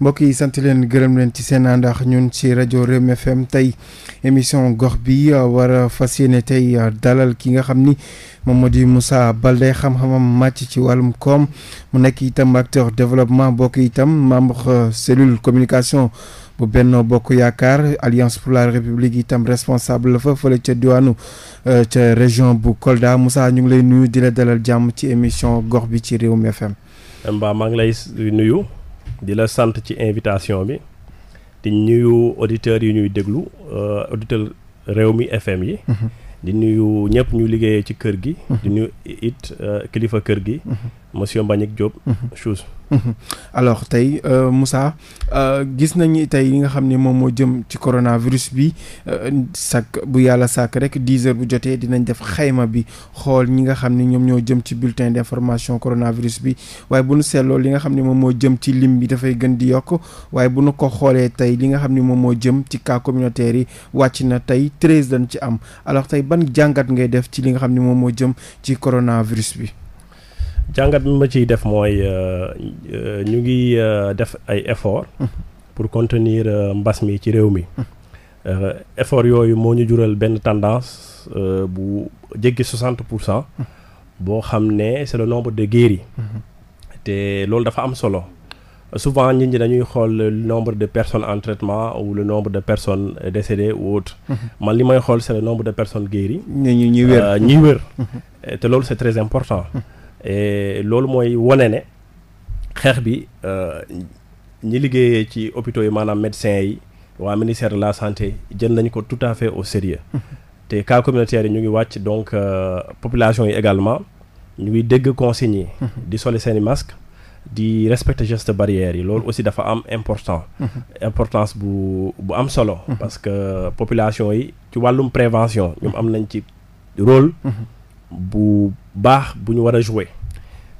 mbokk yi sant leen gërëm leen ci seen àndax ñun ci rajo Rewmi FM tey émission gox bi euh, war a fas yéene tey euh, dalal ki nga xam ni moom moo di Moussa Baldé xam-xamam màcc ci wàllum koom mu nekk itam acteur développement bokk itam membre euh, cellule communication bu Benno Bokk Yaakaar Alliance pour la République itam responsable la fa fële ca diwaanu ca région bu Kolda Moussa ñu ngi lay nuyu di la dalal jàmm ci émission gox bi ci Rewmi FM. Mba maa lay nuyu. di la sant ci invitation bi di nuyu auditeurs yi ñuy déglu réew mi FM yi mm-hmm. di nuyu ñëpp ñu liggéeyee ci kër gi mm-hmm. di nuyu it euh, kilifa kër gi mm-hmm. monsieur Mbagnick Diop. Mhm. chose. Mhm. alors tey euh, Moussa euh, gis nañu tey li nga xam ni moom moo jëm ci coronavirus bi euh, sàkk bu yàlla sàkk rek dix heures bu jotee dinañ def xayma bi xool ñi nga xam ni ñoom ñoo jëm ci bulletin d'information coronavirus bi waaye bu nu li nga xam ne moom moo jëm ci lim bi dafay gën di yokk waaye bu nu ko xoolee tey li nga xam ni moom moo jëm ci cas communautaire yi wàcc na tey treize dañ ci am alors tey ban jàngat ngay def ci li nga xam ne moom moo jëm ci coronavirus bi. jàngat bi ma ciy def mooy euh, euh, ñu ngi euh, def ay effort pour contenir mbas mi ci réew mi effort yooyu moo ñu jural benn tendance bu jéggi 60 pour cent boo xam ne c'est le nombre de guéris te loolu dafa am solo souvent nit ñi dañuy xool le nombre de personnes en traitement ou le nombre de personnes décédées ou autre man li may xool c'est le nombre de personnes guéries ñi wér ñi wér te loolu c'est très important loolu mooy wane ne xeex bi euh, ñi liggéeyee ci hôpitaux yi maanaam médecins yi waa ministère de la santé jën nañ ko tout à fait au sérieux te cas communautaire yi ñu ngi wàcc donc euh, population yi également ñu ngi dégg consignes yi di soli seeni masque di respecter gestes barrières yi loolu aussi dafa am important importance bu bu am solo parce que population yi ci wàllum prévention ñoom am nañ ci rôle mhm. bu baax bu ñu war a joue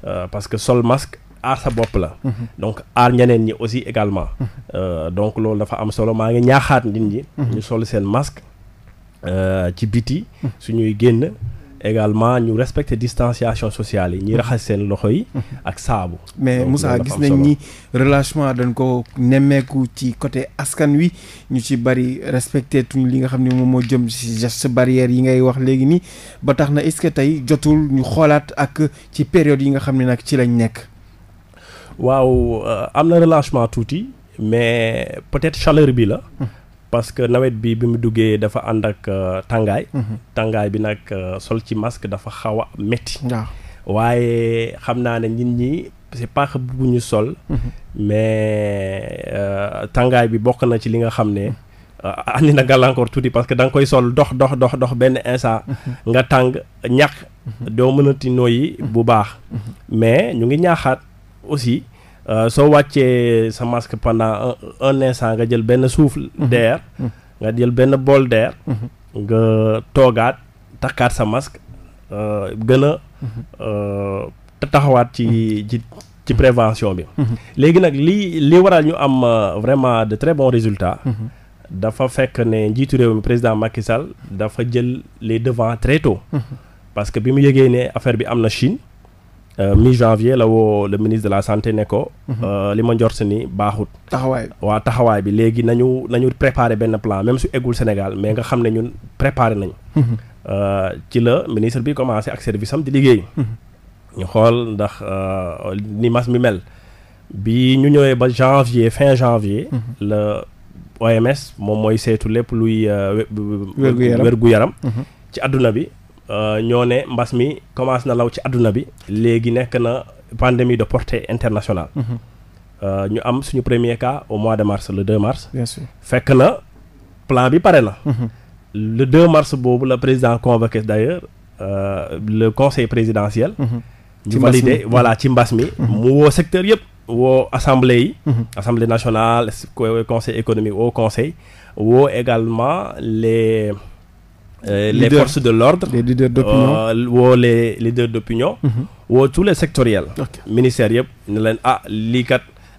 euh, parce que sol masque aar sa bopp la mhm. donc aar ñeneen ñi aussi également mhm. euh, donc loolu dafa am solo maa ngi ñaaxaat nit ñi mhm. ñu sol seen masque euh, ci biti suñuy génn également ñu respecter distanciation sociale yi ñuy mhm. raxas seen loxo yi mhm. ak saabu mais Moussa gis nañ ni relâchement dañ ko nemmeeku ci côté askan wi ñu ci bari respecté tuñ li nga xam ne moom moo jëm ci geste barrière yi ngay wax léegi nii ba tax na est-ce que tey jotul ñu xoolaat ak ci période yi nga xam ne nag ci lañ nekk waaw euh, am na relâchement tuuti mais peut-être chaleur bi la mhm. parce que nawet bi bi mu duggee dafa ànd ak euh, tàngaay. Mhm. tàngaay bi nag euh, sol ci masque dafa xaw a métti. waaye xam naa ne nit ñi c'est pas que bugguñu sol. Mhm. mais euh, tàngaay bi bokk na ci li nga xam ne. andi na gàllankoor tuuti parce que da nga koy sol dox dox dox dox benn instant. Mhm. nga tàng ñax doo mënati nooyi bu baax. mais ñu ngi ñaaxaat aussi. euh, soo wàccee sa masque pendant un, un instant nga jël benn suuf mhm. d'air mhm. nga jël benn bool d'air mhm. nga toogaat takkaat sa masque euh, gën a euh, taxawaat ci ci ci prévention bi léegi nag li li waral ñu am euh, vraiment de très bons résultat dafa fekk ne njiitu réew mi président Macky Sall dafa jël les devants très tôt que bi mu yëgee ne affaire bi am na Chine Euh, mi-janvier la woo le ministre de la santé ne ko. Mhm. Euh, li ma njort ni baaxut. taxawaay waa taxawaay bi léegi nañu nañu préparé benn plan même su eggul Sénégal mais nga xam ne ñun préparé nañ mhm. euh, ci la ministre bi commencé ak service am di liggéey. Mhm. ñu xool ndax ni mas mi mel. bi ñu ñëwee ba janvier fin janvier. la OMS moom mooy saytu lépp luy. wérgu yaram wérgu yaram. ci àdduna bi. Euh, ñoo ne mbas mi commencé na law ci àdduna bi léegi nekk na pandémie de porté internationale mhm. euh, ñu am suñu premier cas au mois de mars le 2 mars bien sûr fekk na plan bi pare na mhm. le 2 mars boobu la président convoqué d'ailleurs euh, le conseil présidentiel mhm. ñu validé voilà ci mbas mi mu woo secteur yëpp woo assemblée yi assemblée nationale conseil économique au conseil woo également les Euh, les leader, forces de l'ordre les leaders d'opinion euh, woo les leaders d'opinion mhm. woo tous les sectoriels ministères yëpp leen ah lii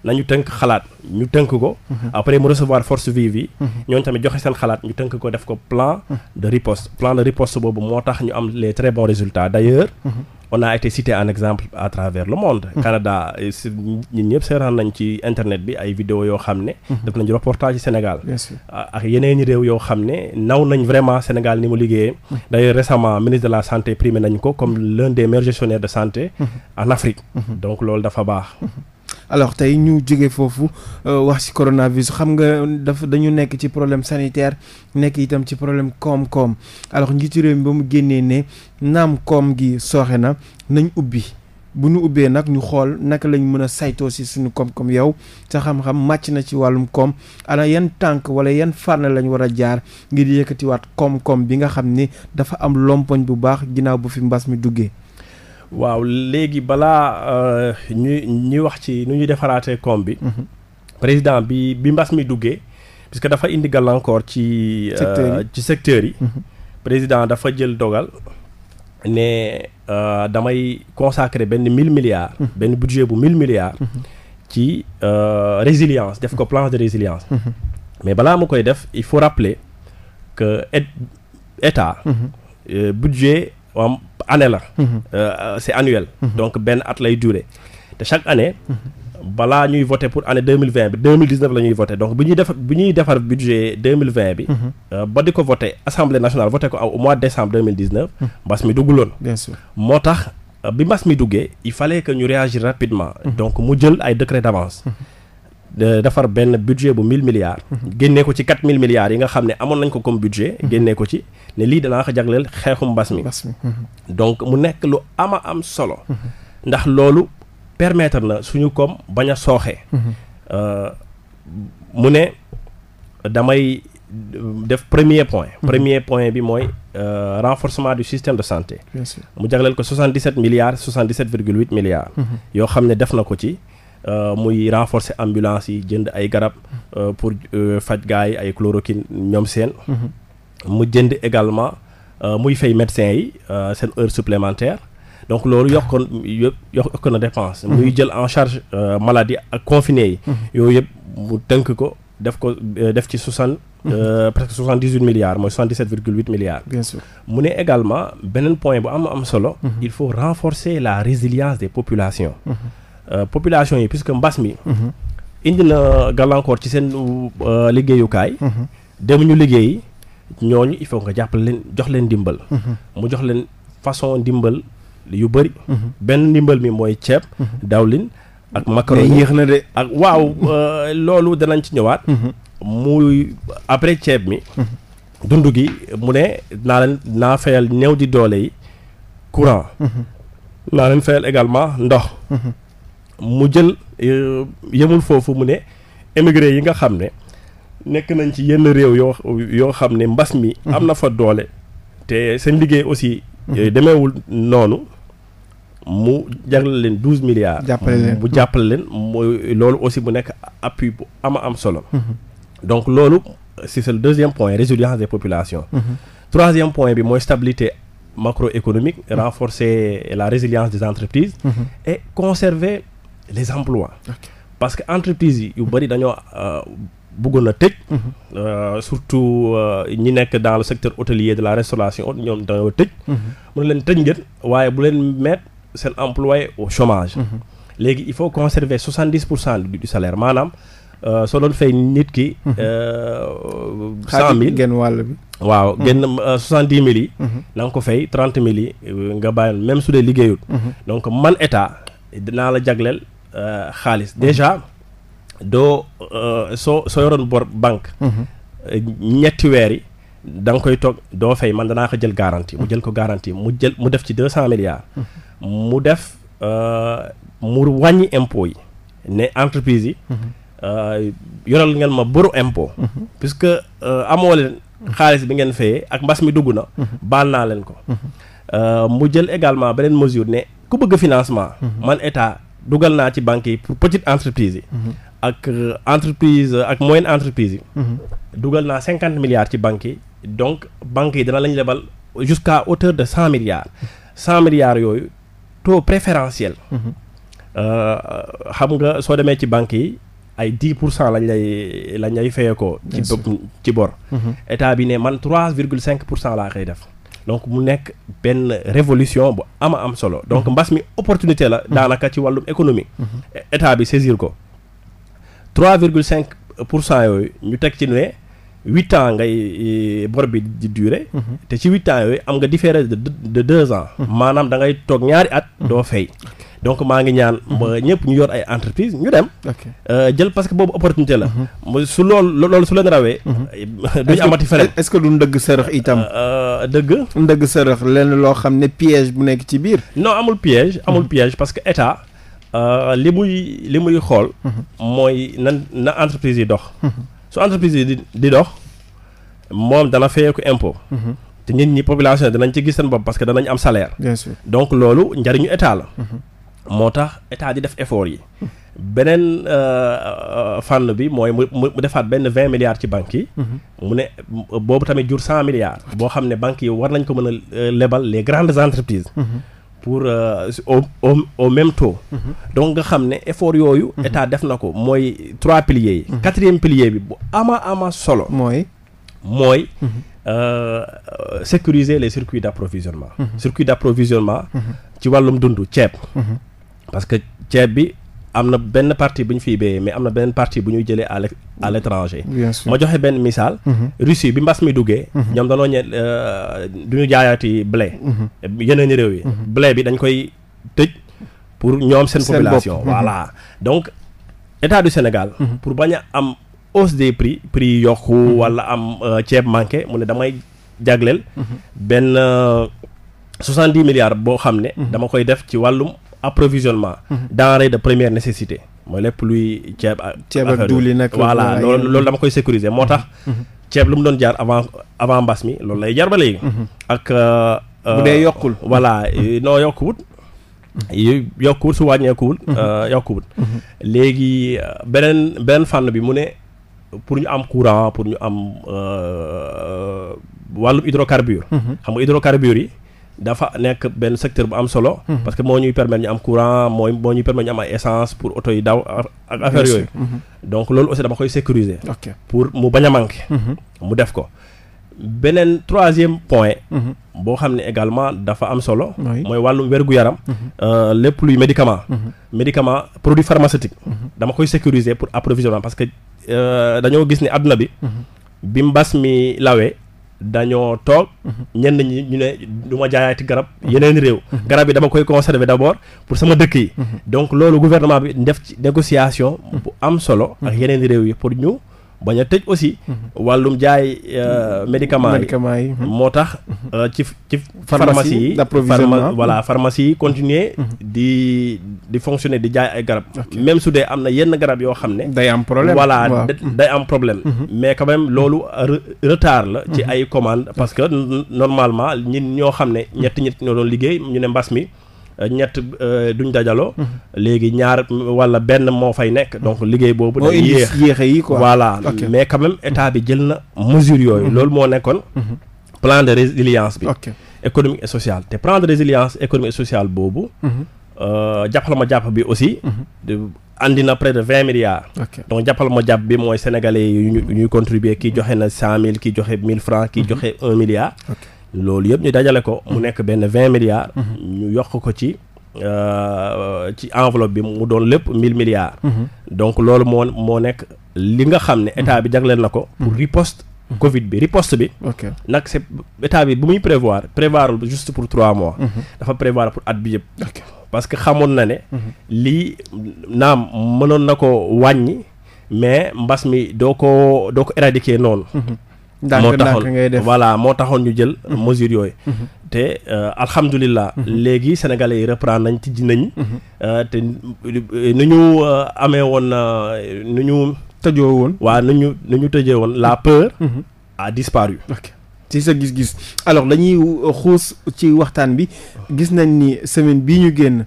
nañu tënk xalaat ñu tënk ko mhm. après mu recevoir force vive yi mhm. ñooñu tamit joxe seen xalaat ñu tënk ko def ko plan mhm. de riposte plan de riposte boobu moo tax ñu am les très bons résultats d'ailleurs on a été cité en exemple à travers le monde Canada ñun ñëpp seeraan nañ ci internet bi ay vidéo yoo xam ne def nañ reportage ci Sénégal ak yeneen i réew yoo xam ne naw nañ vraiment Sénégal ni mu liggéeye d'ailleurs récemment ministre de la santé primé nañ ko comme l'un des meilleurs de santé en donc loolu dafa baax alors tey ñu jóge foofu euh, wax ci coronavirus xam nga dafa dañu nekk ci problème sanitaire nekk itam ci problème koom-koom alors njiitu réew mi ba mu génnee ne naam koom gi sooxe na nañ ubbi bu ñu ubbee nag ñu xool naka lañ mën a saytoo si suñu koom-koom yow sa xam-xam màcc na ci wàllum koom ana yan tànk wala yan fànn lañ war a jaar ngir yëkkatiwaat koom-koom bi nga xam ni dafa am lompoñ bu baax ginnaaw bu fi mbas mi duggee. waaw léegi balaa euh, ñuy ñuy wax ci nu ñuy defaraatee koom bi. Mhm. président bi bi mbas mi duggee. parce que dafa indi gàllankoor ci. Euh, ci secteurs yi. Mhm. président dafa jël dogal. ne euh, damay consacrer benn mille milliards. Mhm. benn budget bu mille milliards. ci euh, résilience def ko plan de résilience. mais balaa mu koy def il faut rappeler que état. Euh, budget am année la. Mhm. Euh, c' est annuel. Mhm. donc benn at lay durer te chaque année. Mhm. balaa ñuy voté pour année deux mille vingt bi deux mille dix neuf la ñuy voté donc bi ñuy defar bi ñuy defar budget deux mille vingt bi. Euh, ba di ko voté assemblée nationale voté ko au mois de décembre deux mille dix neuf. mbas mi dugguloon. bien moo tax euh, bi mbas mi duggee il fallait que ñu réagir rapidement. donc mu jël ay décret d' avance. defar benn budget bu 1000 milliards. Mhm. génnee ko ci 4000 milliards yi nga xam ne amoon nañ ko comme budget. Mhm. génnee ko ci ne lii danaa ko jagleel xeexu mbas mi. Mhm. donc mu nekk lu ama am solo. ndax loolu permettre na suñu koom baña a sooxee. Euh, mu ne damay def premier point. premier point bi mooy euh, renforcement du système de santé. mu jagleel ko 77 milliards 77 virgule 8 milliards. yoo xam ne def na ko ci. Euh, muy renforcer ambulance yi jënd ay garab euh, pour euh, faj gaay ay chloroquine ñoom seen mhm. mu jënd également muy fay médecin yi seen heure supplémentaire donc loolu yokkoon yëpp yokk na dépense mhm. muy jël en charge maladie ak confiné yi mhm. yooyu yëpp mu tënk ko def ko def ci soixante presque soixante dix huit milliards mooy soixante dix sept virgule huit milliards bien sûr mu ne également beneen point bu am am solo il faut renforcer la résilience des populations Euh, population yi puisque mbas mi. Mhm. indi na gàllankoor ci seen euh, liggéeyukaay. Mhm. dem ñu liggéey ñooñu il faut nga jàppale leen jox leen ndimbal. Mhm. mu jox leen façon ndimbal yu bëri. benn ndimbal mi mooy ceeb. dawlin ak macaroni yéex na de ak waaw euh, loolu danañ ci ñëwaat. muy après ceeb mi. dund gi mu ne naa leen naa fayal néew di doole yi courant. naa leen fayal également ndox. mu jël euh, yemul foofu mu ne émigré yi nga xam ne nekk nañ ci yenn réew yoo yoo xam ne mbas mi. Mhm. am na fa doole. te seen liggéey aussi. Mhm. Euh, demeewul noonu mu jagleel leen douze milliards. jàppale leen bu jàppale leen mooy loolu aussi mu nekk appui bu ama am solo. Mhm. donc loolu si c'est le deuxième point résilience des populations. troisième point bi mooy stabilité. macroéconomique, mmh. renforcer la résilience des entreprises et conserver les emplois okay. parce que entreprise yi yu bëri dañoo euh, bëggoon a tëj mhm. euh, surtout euh, ñi nekk dans le secteur hôtelier de la restauration ñoom dañoo tëj mhm. mu ne leen tëj ngeen waaye bu leen mettre seen employé au chômage mhm. léegi il faut conserver soixante dix pour cent du salaire maanaam soo doon fay nit ki cent mille gen wàll bi waaw genn soixante dix mille yi na ko fay trente mille yi nga bàyyoon même su dee liggéeyul donc man état dinaa la jagleel Euh, xaalis déjà doo euh, soo soo yoroon bor banque. Mhm. ñetti weer yi da koy toog doo fay man danaa ko jël garantie mu mhm. jël ko garantie mu jël mu def ci deux cent milliards. Mhm. mu def euh, mu wàññi impôt yi ne entreprise yi. yoral ngeen ma boru impôt. puisque amoo leen xaalis bi ngeen fayee ak mbas mi dugg na. baal naa leen ko. mu jël également beneen mesure ne ku bëgg financement. man état. dugal naa ci banque yi pour petite entreprise yi. Mhm. ak euh, entreprise euh, ak moyenne entreprise yi. Mhm. dugal naa cinquante milliards ci banque yi donc banque yi dana lañ lebal jusqu'à hauteur de cent milliards cent milliards yooyu taux préférentiel. Mhm. Euh, xam nga soo demee ci banque yi ay dix pour cent lañ lay lañ lay fayee ko. ci ci bor. état bi ne man trois virgule cinq pour cent laa koy def. donc mu nekk benn révolution bu ama am solo donc mhm. mbas mi opportunité la mhm. daanaka ci wàllum économie mhm. état bi saisir ko trois virgule cinq pour cent yooyu ñu teg ci ne huit ans ngay eh, bor bi di durer. te ci huit ans yooyu am nga différence de de deux ans maanaam dangay toog ñaari at doo fay donc maa ngi ñaan ba mhm. ñëpp ñu yor ay entreprise ñu dem euh, jël parce que boobu opportunité la mhm. su loolu loolu su leen rawee mhm. duñu amati feneen est-ce que du ndëgg sërëx itam euh, euh, dëgg ndëgg sërëx leen loo xam ne piège bu nekk ci biir noo amul piège amul piège parce que état li muy li muy xool mooy nan na entreprise yi dox su entreprise yi di dox moom dana fayeeku impôt te nit ñi population danañ ci gis seen bopp parce que danañ am salaire bien sûr donc loolu njariñu état la moo tax état di def effort yi beneen euh, euh, fànn bi mooy mu mu defaat benn vingt milliards ci banque yi mhm. mu ne euh, boobu tamit jur cent milliards boo xam ne banques yi war nañ ko mën a lebal les grandes entreprises mhm. pour au au même taux mhm. donc nga xam ne effort yooyu état def na ko mooy trois piliers yi quatrième pilier bi bu ama ama solo mooy mooy sécuriser les circuits d'approvisionnement circuit d'approvisionnement ci wàllum dund ceeb parce que ceeb bi am na benn partie bu ñu fiy béyee mais am na benn partie bu ñuy jëlee à l' à mm-hmm. l' étranger. ma joxe benn misaal. Mm-hmm. Russie bi mbas mi duggee. Mm-hmm. ñoom dañoo ñe euh, du ñu jaayaati blé. yeneen réew yi. blé bi dañ koy tëj pour ñoom seen. population voilà donc état du Sénégal. pour bañ a am hausse des prix prix yi yokku walla am euh, ceeb manqué mu ne damay jagleel. benn euh, soixante dix milliards boo xam ne. dama koy def ci wàllum. approvisionnement mhm. denrées de première nécessité mooy lépp luy ceeb ak ceeb ak diwlin nag voilà loolu loolu dama koy sécuriser moo tax mhm. Mhm. ceeb lu mu doon jaar avant avant mbas mi loolu lay jarbale ba ak euh, bu dee yokkul euh, voilà euh, non yokkuwut yokkuwut su wàññeekuwul yokkuwut léegi beneen beneen fànn bi mu ne pour ñu am courant pour ñu am wàllum hydrocarbure xam nga hydrocarbure yi dafa nekk benn secteur bu am solo. Mhm. parce que moo ñuy permettre ñu am courant mooy moo ñuy permettre ñu am ay essence pour oto yi daw ak affaire yooyu. Mhm. donc loolu aussi dama koy sécuriser. ok pour mu bañ manqué. Mhm. mu def ko beneen troisième point. boo xam ne également dafa am solo. mooy wàllu wérgu yaram. Euh, lépp luy médicament. médicament produit pharmaceutique. dama koy sécuriser pour approvisionnement parce que euh, dañoo gis ni àdduna bi. bi mbas mi lawee. dañoo toog ñenn ñi ñu ne du ma jaayaati garab yeneen réew garab yi dama koy conserver d'abord pour sama dëkk yi mhm. donc loolu gouvernement bi def ci négociation bu am solo ak yeneen réew yi pour ñu bañ a tëj aussi. Mhm. wàllum jaay euh, mhm. médicaments yi médicaments yi. Mhm. moo tax euh, ci ci. pharmacie yi d'approvisionnement voilà pharmacie yi continuer. di di fonctionner di jaay ay garab. même su dee am na yenn garab yoo xam ne. day am problème voilà day am problème. mais quand loolu retard la. ci ay commandes parce que normalement ñin ñoo xam ne. ñett ñett ñoo doon liggéey ñu ne mbas mi. ñett euh, duñ dajaloo. Mhm. léegi ñaar wala benn moo fay nekk. Mhm. donc liggéey boobu. day yéex yéex yi quoi voilà mais quand même mhm. état bi jël na mesure yooyu. loolu moo nekkoon. plan de résilience bi. économique et sociale te plan de résilience économique et sociale boobu. Euh, jàppal ma jàpp bi aussi. andi na près de vingt milliards. Okay. donc jàppal ma jàpp bi mooy sénégalais yi ñuy contribuer kii joxe na cent mille kii joxe mille francs kii joxe un milliard. Okay. loolu yëpp ñu dajale ko. mu mm. nekk benn vingt milliards. Mm-hmm. ñu yokk ko ci. Euh, ci enveloppe bi mu doon lépp mille milliards. Mm-hmm. donc loolu moo moo nekk li nga xam ne état bi mm-hmm. jagleel na ko. pour riposte Covid bi riposte bi. ok nag c'est état bi bu muy prévoir prévoirul juste pour trois mois. dafa prévoir pour at bi yëpp. parce que xamoon na ne. lii naam mënoon na ko wàññi mais mbas mi doo ko doo ko éradiquer noonu. moo taxoon ngay def voilà moo taxoon ñu jël mhm. mesure yooyu mhm. te euh, alhamdulilah mhm. léegi sénégalais yi nañ tijji nañ euh, te euh, nu ñu amee woon nu ñu tëjoo woon waaw nu ñu nu ñu tëjee woon la peur a disparu ci sa gis-gis alors dañuy xuus ci waxtaan bi gis nañ ni semaine bii ñu génn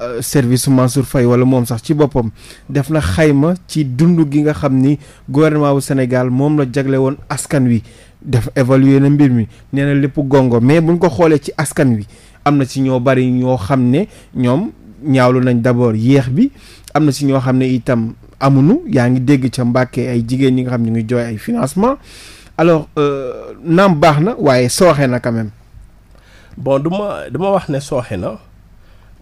Euh, service su Mansour Faye wala moom sax ci boppam def na xayma ci dund gi nga xam ni gouvernement bu Sénégal moom la jagle woon askan wi def évaluer na mbir mi nee na lépp gongo mais buñ ko xoolee ci askan wi am na si ñoo bari ñoo xam ne ñoom ñaawlu nañ d'abord yéex bi am na si ñoo xam ne itam amunu yaa ngi dégg ca Mbàkke ay jigéen ñi nga xam ne ñu ngi jooy ay financement alors euh, naam baax na waaye sooxe na quand même bon du ma wax ne sooxe na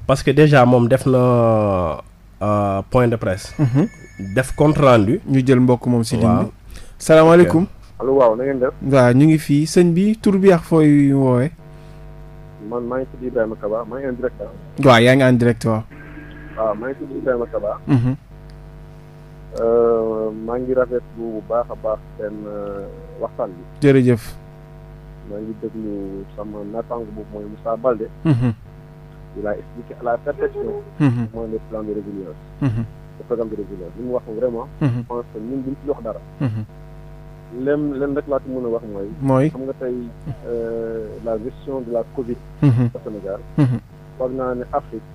parce que déjà moom def na euh, point de presse. Mhm. def compte rendu. ñu jël mbokk moom si ligne bi. salaamaaleykum. waaw ñu ngi fii sëñ bi tur bi ak fooy woowee. man maa ngi tudd Ibrahima Kaba maa ngi en direct ah. waaw maa ngi tudd Ibrahima mhm. euh, bu baax a baax seen euh, waxtaan bi. jërëjëf. maa ngi déglu sama naataango boobu mooy Moussa Balde. Mhm. il a la perfection. Mhm. mooy le plan de résilience. Mhm. le li mu wax vraiment. Mhm. je pense que ñun duñ ci wax dara. lenn lenn rek laa ci mën a wax mooy. mooy xam nga tey euh, la gestion de la Covid. au Sénégal. foog naa ne Afrique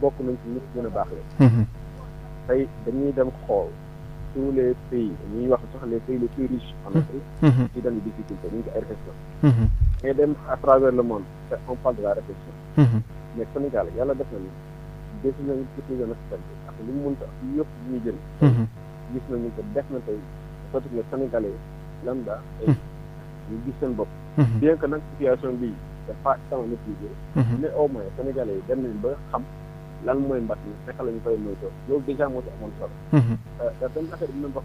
bokk nañ ci ñi gën a baaxee. tey dañuy dem xool tous les pays ñuy wax sax les pays les plus riches en Afrique. ci dañuy difficulté ñu ngi ay dem à travers le monde te on de la réflexion. mais Sénégal yàlla def na ni des nañu mhm. gis nañu ak def na tey surtout que sénégalais lambda. Mhm. ñu gis seen bopp. Mhm. bien que nag situation bi dafa sama nit yi mais au moins sénégalais yi dem nañ ba xam lan mooy mbas mi naka la ñu koy moytoo loolu dèjà moo ci amoon solo. da euh, euh, benn affaire bi ñu wax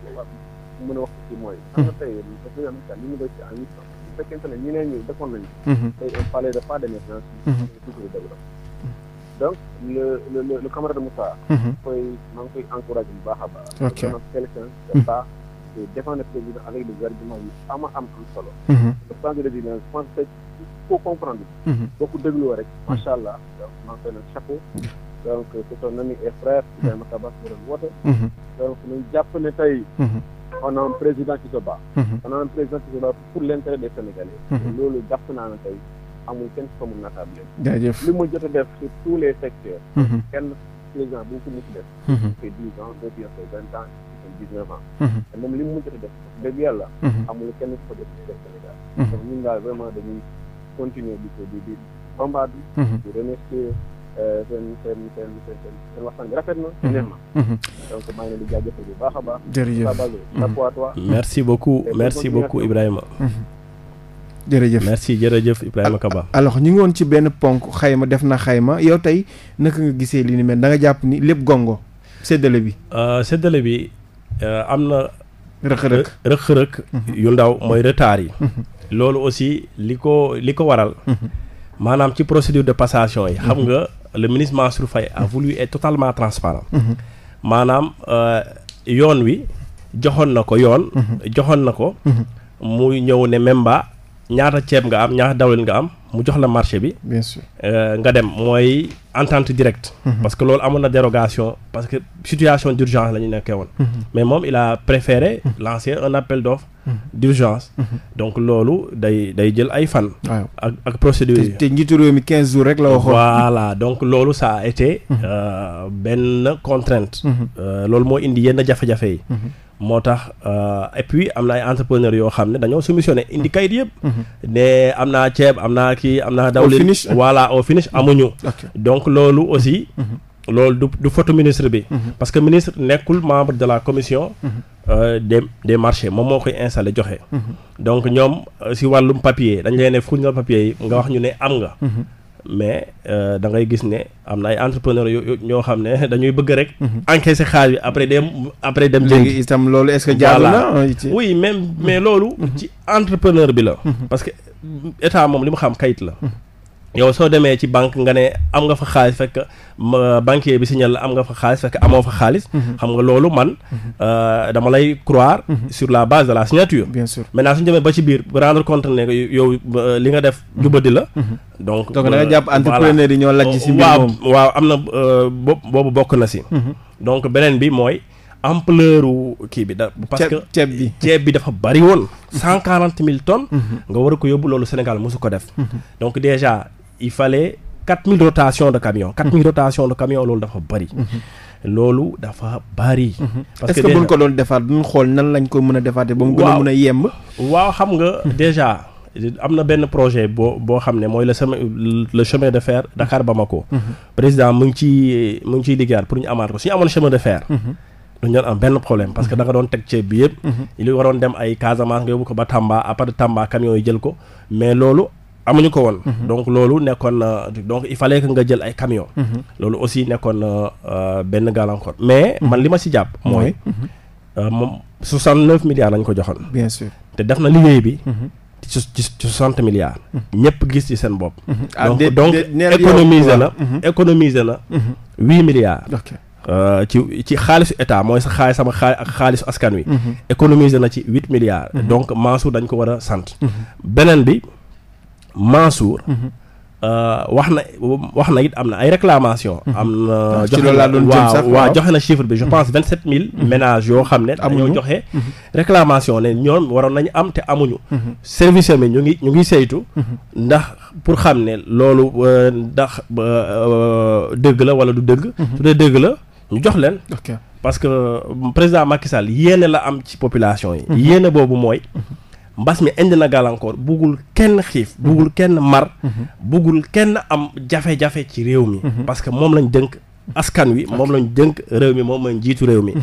mën a wax ci mooy. xam nga tey dafa yoon en huit ans bu fekkente ne ñeneen ñi defoon nañu. tey on donc le le le, le camarade Moussa. koy mhm. maa ngi koy encouragé bu baax a baax. ok parce que de baax mhm. de défendre le président avec des arguments am a am am solo. Mhm. le plan de résilience je pense que il faut comprendre. boo ko dégluwoo rek. macha allah donc maa ngi koy nag chapeau. donc c'est un ami et frère. Ibrahima Kabas moo doon woote. donc ñu jàpp ne tey. on a un président qui se bat. on a un président qui se pour l'intérêt des Sénégalais. loolu jàpp naa ne tey. amul kenn xamul nataab leen jaajëf li ma jot a def sur tous les secteurs mhm. kenn président bu ñu ko mhm. mhm. li mu jot a def dëgg yàlla amul kenn ko def def Sénégal donc ñun daal vraiment dañuy continuer di ko di di combattre di remercier euh, seen seen seen bi rafet na. neex na. donc maa ngi leen di jaajëfal bu baax a baax. merci beaucoup merci beaucoup Ibrahima. jërëjëf merci jërëjëf ñu ngi woon ci benn ponk xayma def na xayma yow tey naka nga gisee li ni mel da jàpp ni lépp gongo séddale bi. Euh, séddale bi euh, am na. rëq-rëq mhm. yu ndaw mooy mhm. retard yi. Mhm. loolu aussi li ko li ko waral. maanaam ci procédure de passation yi. xam nga le ministre Mansour Faye a totalement transparent maanaam euh, yoon wi joxoon na ko yoon. joxoon na ko. mu ñëw ne Memba ñaata ceeb nga am ñaata dawlin nga am mu jox la marché bi. bien euh, nga dem mooy entente direct mhm. parce que loolu amoon na dérogation parce que situation d' urgence la ñu nekkee woon. Mhm. mais moom il a préféré. Mhm. lancé un appel d' offre donc loolu day day jël ay fan. ak ak procédure yi. te njiitu réew mi 15 jours rek la waxoon. voilà donc loolu ça a été. Euh, benn contrainte. Euh, loolu moo indi yenn jafe-jafe yi. moo tax euh, et puis am na ay entrepreneurs yoo xam ne dañoo soumissionné indi kayit yëpp. Mhm. ne am naa ceeb am naa kii am naa. dawlin finish voilà au finish amuñu. donc loolu aussi. Mhm. loolu du du photo ministre bi. Mhm. parce que ministre nekkul membre de la commission. Euh, des des marché moom moo koy installé joxe. donc ñoom euh, si wàllum papier dañ leen ne fournir papier yi nga wax ñu ne am nga. mais euh, da ngay gis ne am na ay entrepreneur yu ñoo xam ne dañuy bëgg rek. Mhm. encaisser xaal bi après dem après dem. léegi itam loolu est-ce que jaadu na euh, oui même mais mhm. loolu. Mhm. ci entrepreneur bi la. parce que état moom li mu xam kayit la. yow soo demee ci banque nga ne am nga fa xaalis fekk banque bi si signal la am nga fa xaalis fekk amoo fa xaalis. Mhm. xam nga loolu man. Mhm. Euh, dama lay croire. Mhm. sur la base de la signature. bien sûr maintenant suñu demee ba ci biir rendre compte ne yow li nga def. jubadi la. donc donc da nga euh, jàpp entrepreneur yi ñoo lajj si biir moom waaw am na euh, boobu bokk na si. donc beneen bi mooy. ampleur kii bi da parce que ceeb bi ceeb bi dafa bari woon cent quarante mille tonnes nga war a ko yóbbu loolu Sénégal mosu ko def il fallait quatre mille rotations de camion quatre mille rotations de camion loolu dafa bëri loolu dafa bari. parce que est-ce ko doon defaat duñ xool nan lañ ko mën a defaatee. ba mu ko a mën a waaw xam nga déjà am na benn projet boo boo xam ne mooy le chemin le chemin de fer Dakar Bamako. président mu ngi ci mu ngi ciy liggéeyaat pour ñu amaat ko su ñu amoon chemin de fer. duñu doon am benn problème parce que da nga doon teg ceeb bi yëpp. Mhm. li waroon dem ay Casamance ko ba Tamba à part Tamba camion yi jël ko mais loolu. amuñu ko woon. Mhm. donc loolu nekkoon na donc il fallait que nga jël ay camions. Mhm. loolu aussi nekkoon na euh, benn gàllankoor. mais mhm. man li ma si jàpp mooy. Euh, moom 69 milliards lañ ko joxoon. bien te def na liggéey bi. ci ci soixante milliards. ñëpp gis ci seen bopp. Ah, donc donc économiser na. économiser na. huit milliards. Euh, ci ci xaalisu état mooy sa xaalis sama xaalis ak xaalisu askan wi. économiser na ci huit milliards. donc Mansour dañ ko war a sant. beneen bi. Mansour. Mhm. Euh, wax na wax na it am na ay réclamations. Mhm. am na ah, joxe na waaw waaw joxe na chiffre bi je mhm. pense vingt sept mille ménages yoo xam ne. amuñu dañoo joxe réclamation ne ñoom waroon nañu am te amuñu. service yi ñu ngi ñu ngi saytu. ndax pour xam ne loolu euh, ndax euh, dëgg la wala du dëgg. su dee dëgg la ñu jox leen. parce que président Macky Sall yéene la am ci population yi. yéene boobu mooy. mbas mi indi na gàllankoor buggul kenn xiif mhm. buggul kenn mar mhm. buggul kenn am jafe-jafe ci réew mi mhm. parce que moom lañ dënk askan wi moom lañ dënk réew mi moom lañ jiitu réew mi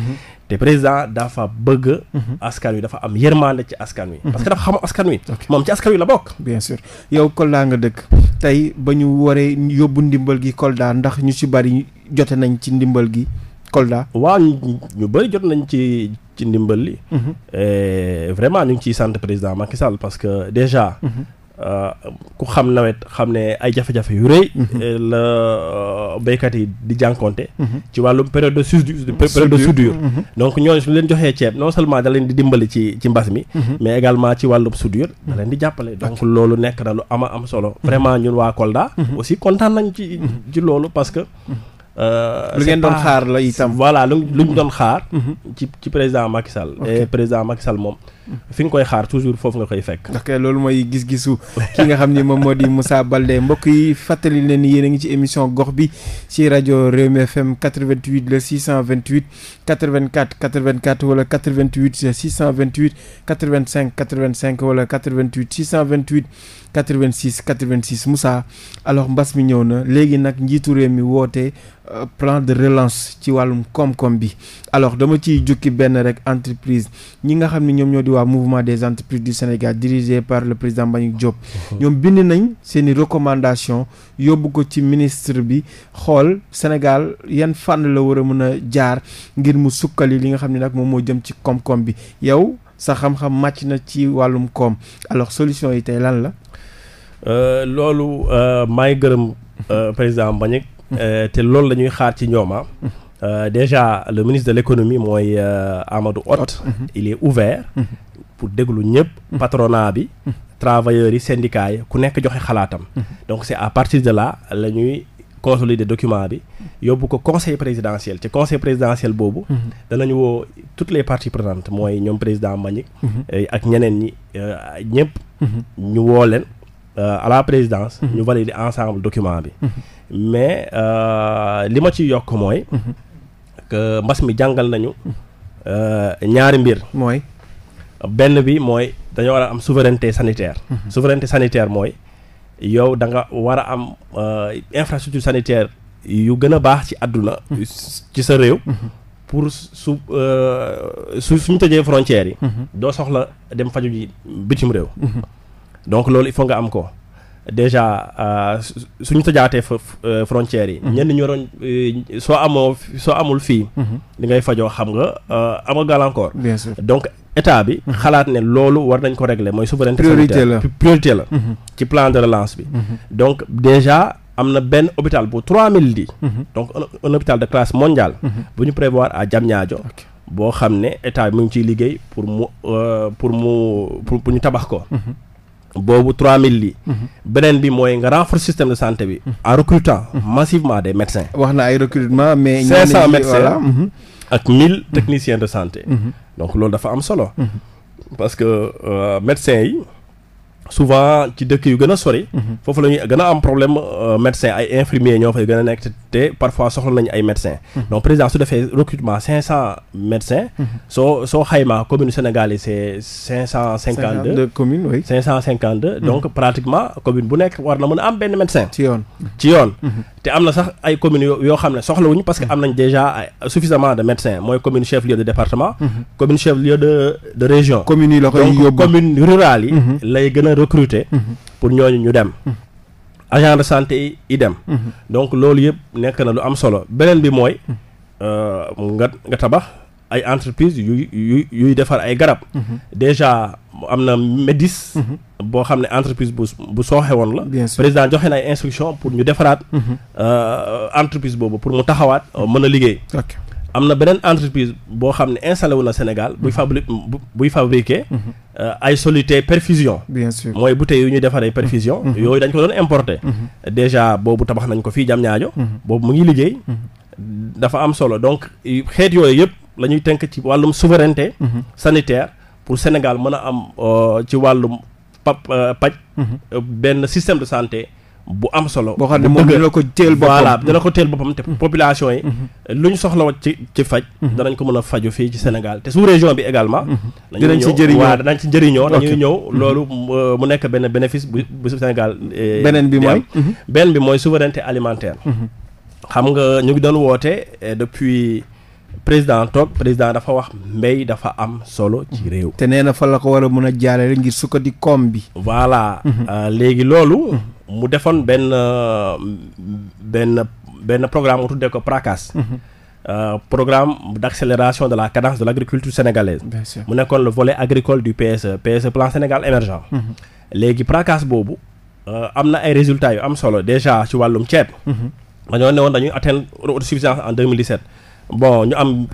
te président dafa bëgg askan wi dafa am yërmande ci askan wi parce que dafa xam askan wi moom ci askan wi la bokk bien sûr yow Kolda nga dëkk tey ba ñu waree yóbbu ndimbal gi Kolda ndax ñu ci bari jote nañ ci ndimbal gi Kolda waaw ñu bëri jot nañ ci ci ndimbal li mhm. et eh, vraiment ñu ngi ciy sant président Macky Sall parce déjà mhm. euh, ku xam nawet xam ne ay jafe-jafe yu rëy mhm. euh, la euh, béykat yi di jànkonte ci wàllum période de soudure période de soudure donc ñooñu suñu leen joxee ceeb non seulement da leen di dimbali ci ci mbas mi mais également ci wàllum soudure da leen di jàppale donc loolu nekk na lu ama am solo vraiment ñun waa Kolda aussi kontaan nañ ci loolu parce Euh, lu ngeen doon xaar la itam. voilà lu lu ñu doon mm-hmm. xaar. Mm-hmm. ci ci président Macky Sall. et président Macky Sall moom. Mm-hmm. fi nga koy xaar toujours foofu nga koy fekk. ok loolu mooy gis-gisu ki nga xam ni moom moo di Moussa Baldé mbokk yi fàttali leen ni yéen a ngi ci émission gox bi ci rajo Rewmi FM 88 le 628 84 84 wala 88 628 85 85 wala 88 628. 86 86 Moussa alors mbas mi ñëw na léegi nag njiitu réew mi woote euh, plan de relance ci wàllum koom-koom bi alors dama ciy jukki benn rek entreprise ñi nga xam ne ñoom ñoo di waa mouvement des entreprises du Sénégal dirigé par le président Mbagnick Diop ñoom bind nañ seen i recommandation yóbbu ko ci ministre bi xool Sénégal yan fànn la war a mën a jaar ngir mu sukkali li nga xam ne nag moom moo jëm ci koom-koom bi yow sa xam-xam màcc na ci wàllum koom alors solution yi tey lan la Euh, loolu euh, maa ngi gërëm euh, président Mbagnick te loolu la ñuy xaar ci ñooma ah. déjà le ministre de l'économie mooy Amadou Hott mhm. il est ouvert mhm. pour déglu ñëpp mhm. patronat bi travailleurs yi syndicats yi ku nekk joxe xalaatam donc c'est à partir de là la ñuy consolider document bi yóbbu ko conseil présidentiel ci conseil présidentiel boobu danañu woo toutes les parties prenantes mooy ñoom président Mbagnick ak ñeneen ñi ñëpp ñu woo leen Euh, à la présidence. Mhm. ñu valider ensemble document bi. Mhm. mais euh, li ma ci yokk mooy. Mhm. que mbas mi jàngal nañu. Euh, ñaari mbir. mooy benn bi mooy dañoo war a am souveraineté sanitaire. souveraineté sanitaire mooy yow da nga war a am infrastructure sanitaire yu gën a baax ci àdduna. ci sa réew. pour su su suñ tëjee frontières yi. doo soxla dem faju bitim réew. donc loolu i faut nga am ko déjà euh, suñu tëjaatee euh, frontière yi. Mhm. ñenn ñu waroon euh, soo amoo soo amul fii. Mhm. li ngay fajoo xam nga amoo gàllankoor. bien sûr donc état bi. Mhm. xalaat ne loolu war nañ ko régler mooy souveraineté sanitaire priorité la. ci plan de relance bi. donc déjà am na benn hôpital bu 3000 lits. donc un hôpital de classe mondiale. bu ñu prévoir à Diamniadio. boo xam ne état bi mu ngi ciy liggéey pour mu pour mu pour ñu tabax ko. boobu 3000 lii. Mhm. beneen bi mooy nga renforcer système de santé bi. Mhm. en recrutant mhm. massivement des médecins. wax na ay recrutement mais. 500 médecins ak mille technicien de santé. donc loolu dafa am solo. parce que euh, médecins yi. souvent ci dëkk yu gën a sori. Mhm. foofu la ñuy gën a am problème euh, médecin ay infirmier ñoo fay gën a nekk te parfois soxla nañu ay médecin mhm. donc président su defee recrutement cinq cent médecins. Mhm. soo soo xaymaa commune Sénégal yi c' cinq cent cinquante deux communes cinq cent cinquante deux donc pratiquement commune bu nekk war na mën a am benn médecin. ci yoon ci yoon. te am na sax ay communes yoo xam ne soxlawuñu parce que mm-hmm. am nañ déjà suffisamment de médecins mooy commune chef lieu de département mm-hmm. commune chef lieu de région commune yi la koy yóbbu donc commune rurale yi mm-hmm. lay gën a recruter pour ñooñu ñu dem agent de santé yi dem donc loolu yëpp nekk na lu am solo beneen bi mooy euh, nga nga tabax ay entreprise yuy yuy yuy defar ay garab déjà am na Médis boo xam ne entreprise bu bu sooxe woon la. président joxe na ay instruction pour ñu defaraat. Mhm. Euh, entreprise boobu pour mu taxawaat euh, mën a liggéey. am na beneen entreprise boo xam ne installé wu na Sénégal buy mhm. fabri buy fabriqué. Mhm. Euh, ay soluté perfusion. bien sûr mooy bouteilles yu ñuy defaree perfusion. yooyu dañ ko doon importé. déjà boobu tabax nañ ko fii jam ñaajo boobu mu ngi liggéey. dafa am solo donc xeet yooyu yëpp la ñuy ci wàllum souveraineté. sanitaire pour Sénégal mën a am pap euh, paj mhm. benn système de santé bu am solo boo xam ne moom dina ko téel boppam mhm. ko téel boppam te mhm. population yi lu ñu soxla woon ci ci faj danañ ko mën a faju fii ci Sénégal te sous région bi également dinañ ci jëriñoo waaw danañ ci jëriñoo dañuy ñëw loolu euh, mu nekk benn bénéfice bu bu Sénégal euh, beneen bi mooy beneen bi mooy souveraineté alimentaire xam nga ñu ngi doon woote depuis président toog président dafa wax mbéy dafa am solo ci mhm. réew. te nee na fa la ko war a mën a jaarale ngir sukkandi koom bi. voilà mhm. euh, léegi loolu. Mhm. mu defoon benn euh, benn benn programme mu tuddee ko PRACAS. Euh, programme d'accélération de la cadence de l'agriculture sénégalaise. Bien sûr mu nekkoon le volet agricole du PSE PSE plan Sénégal émergent. léegi PRACAS boobu euh, am na ay résultats yu am solo déjà ci wàllum ceeb. dañoo ne woon dañuy atteindre autosuffisance en 2017. bon ñu am.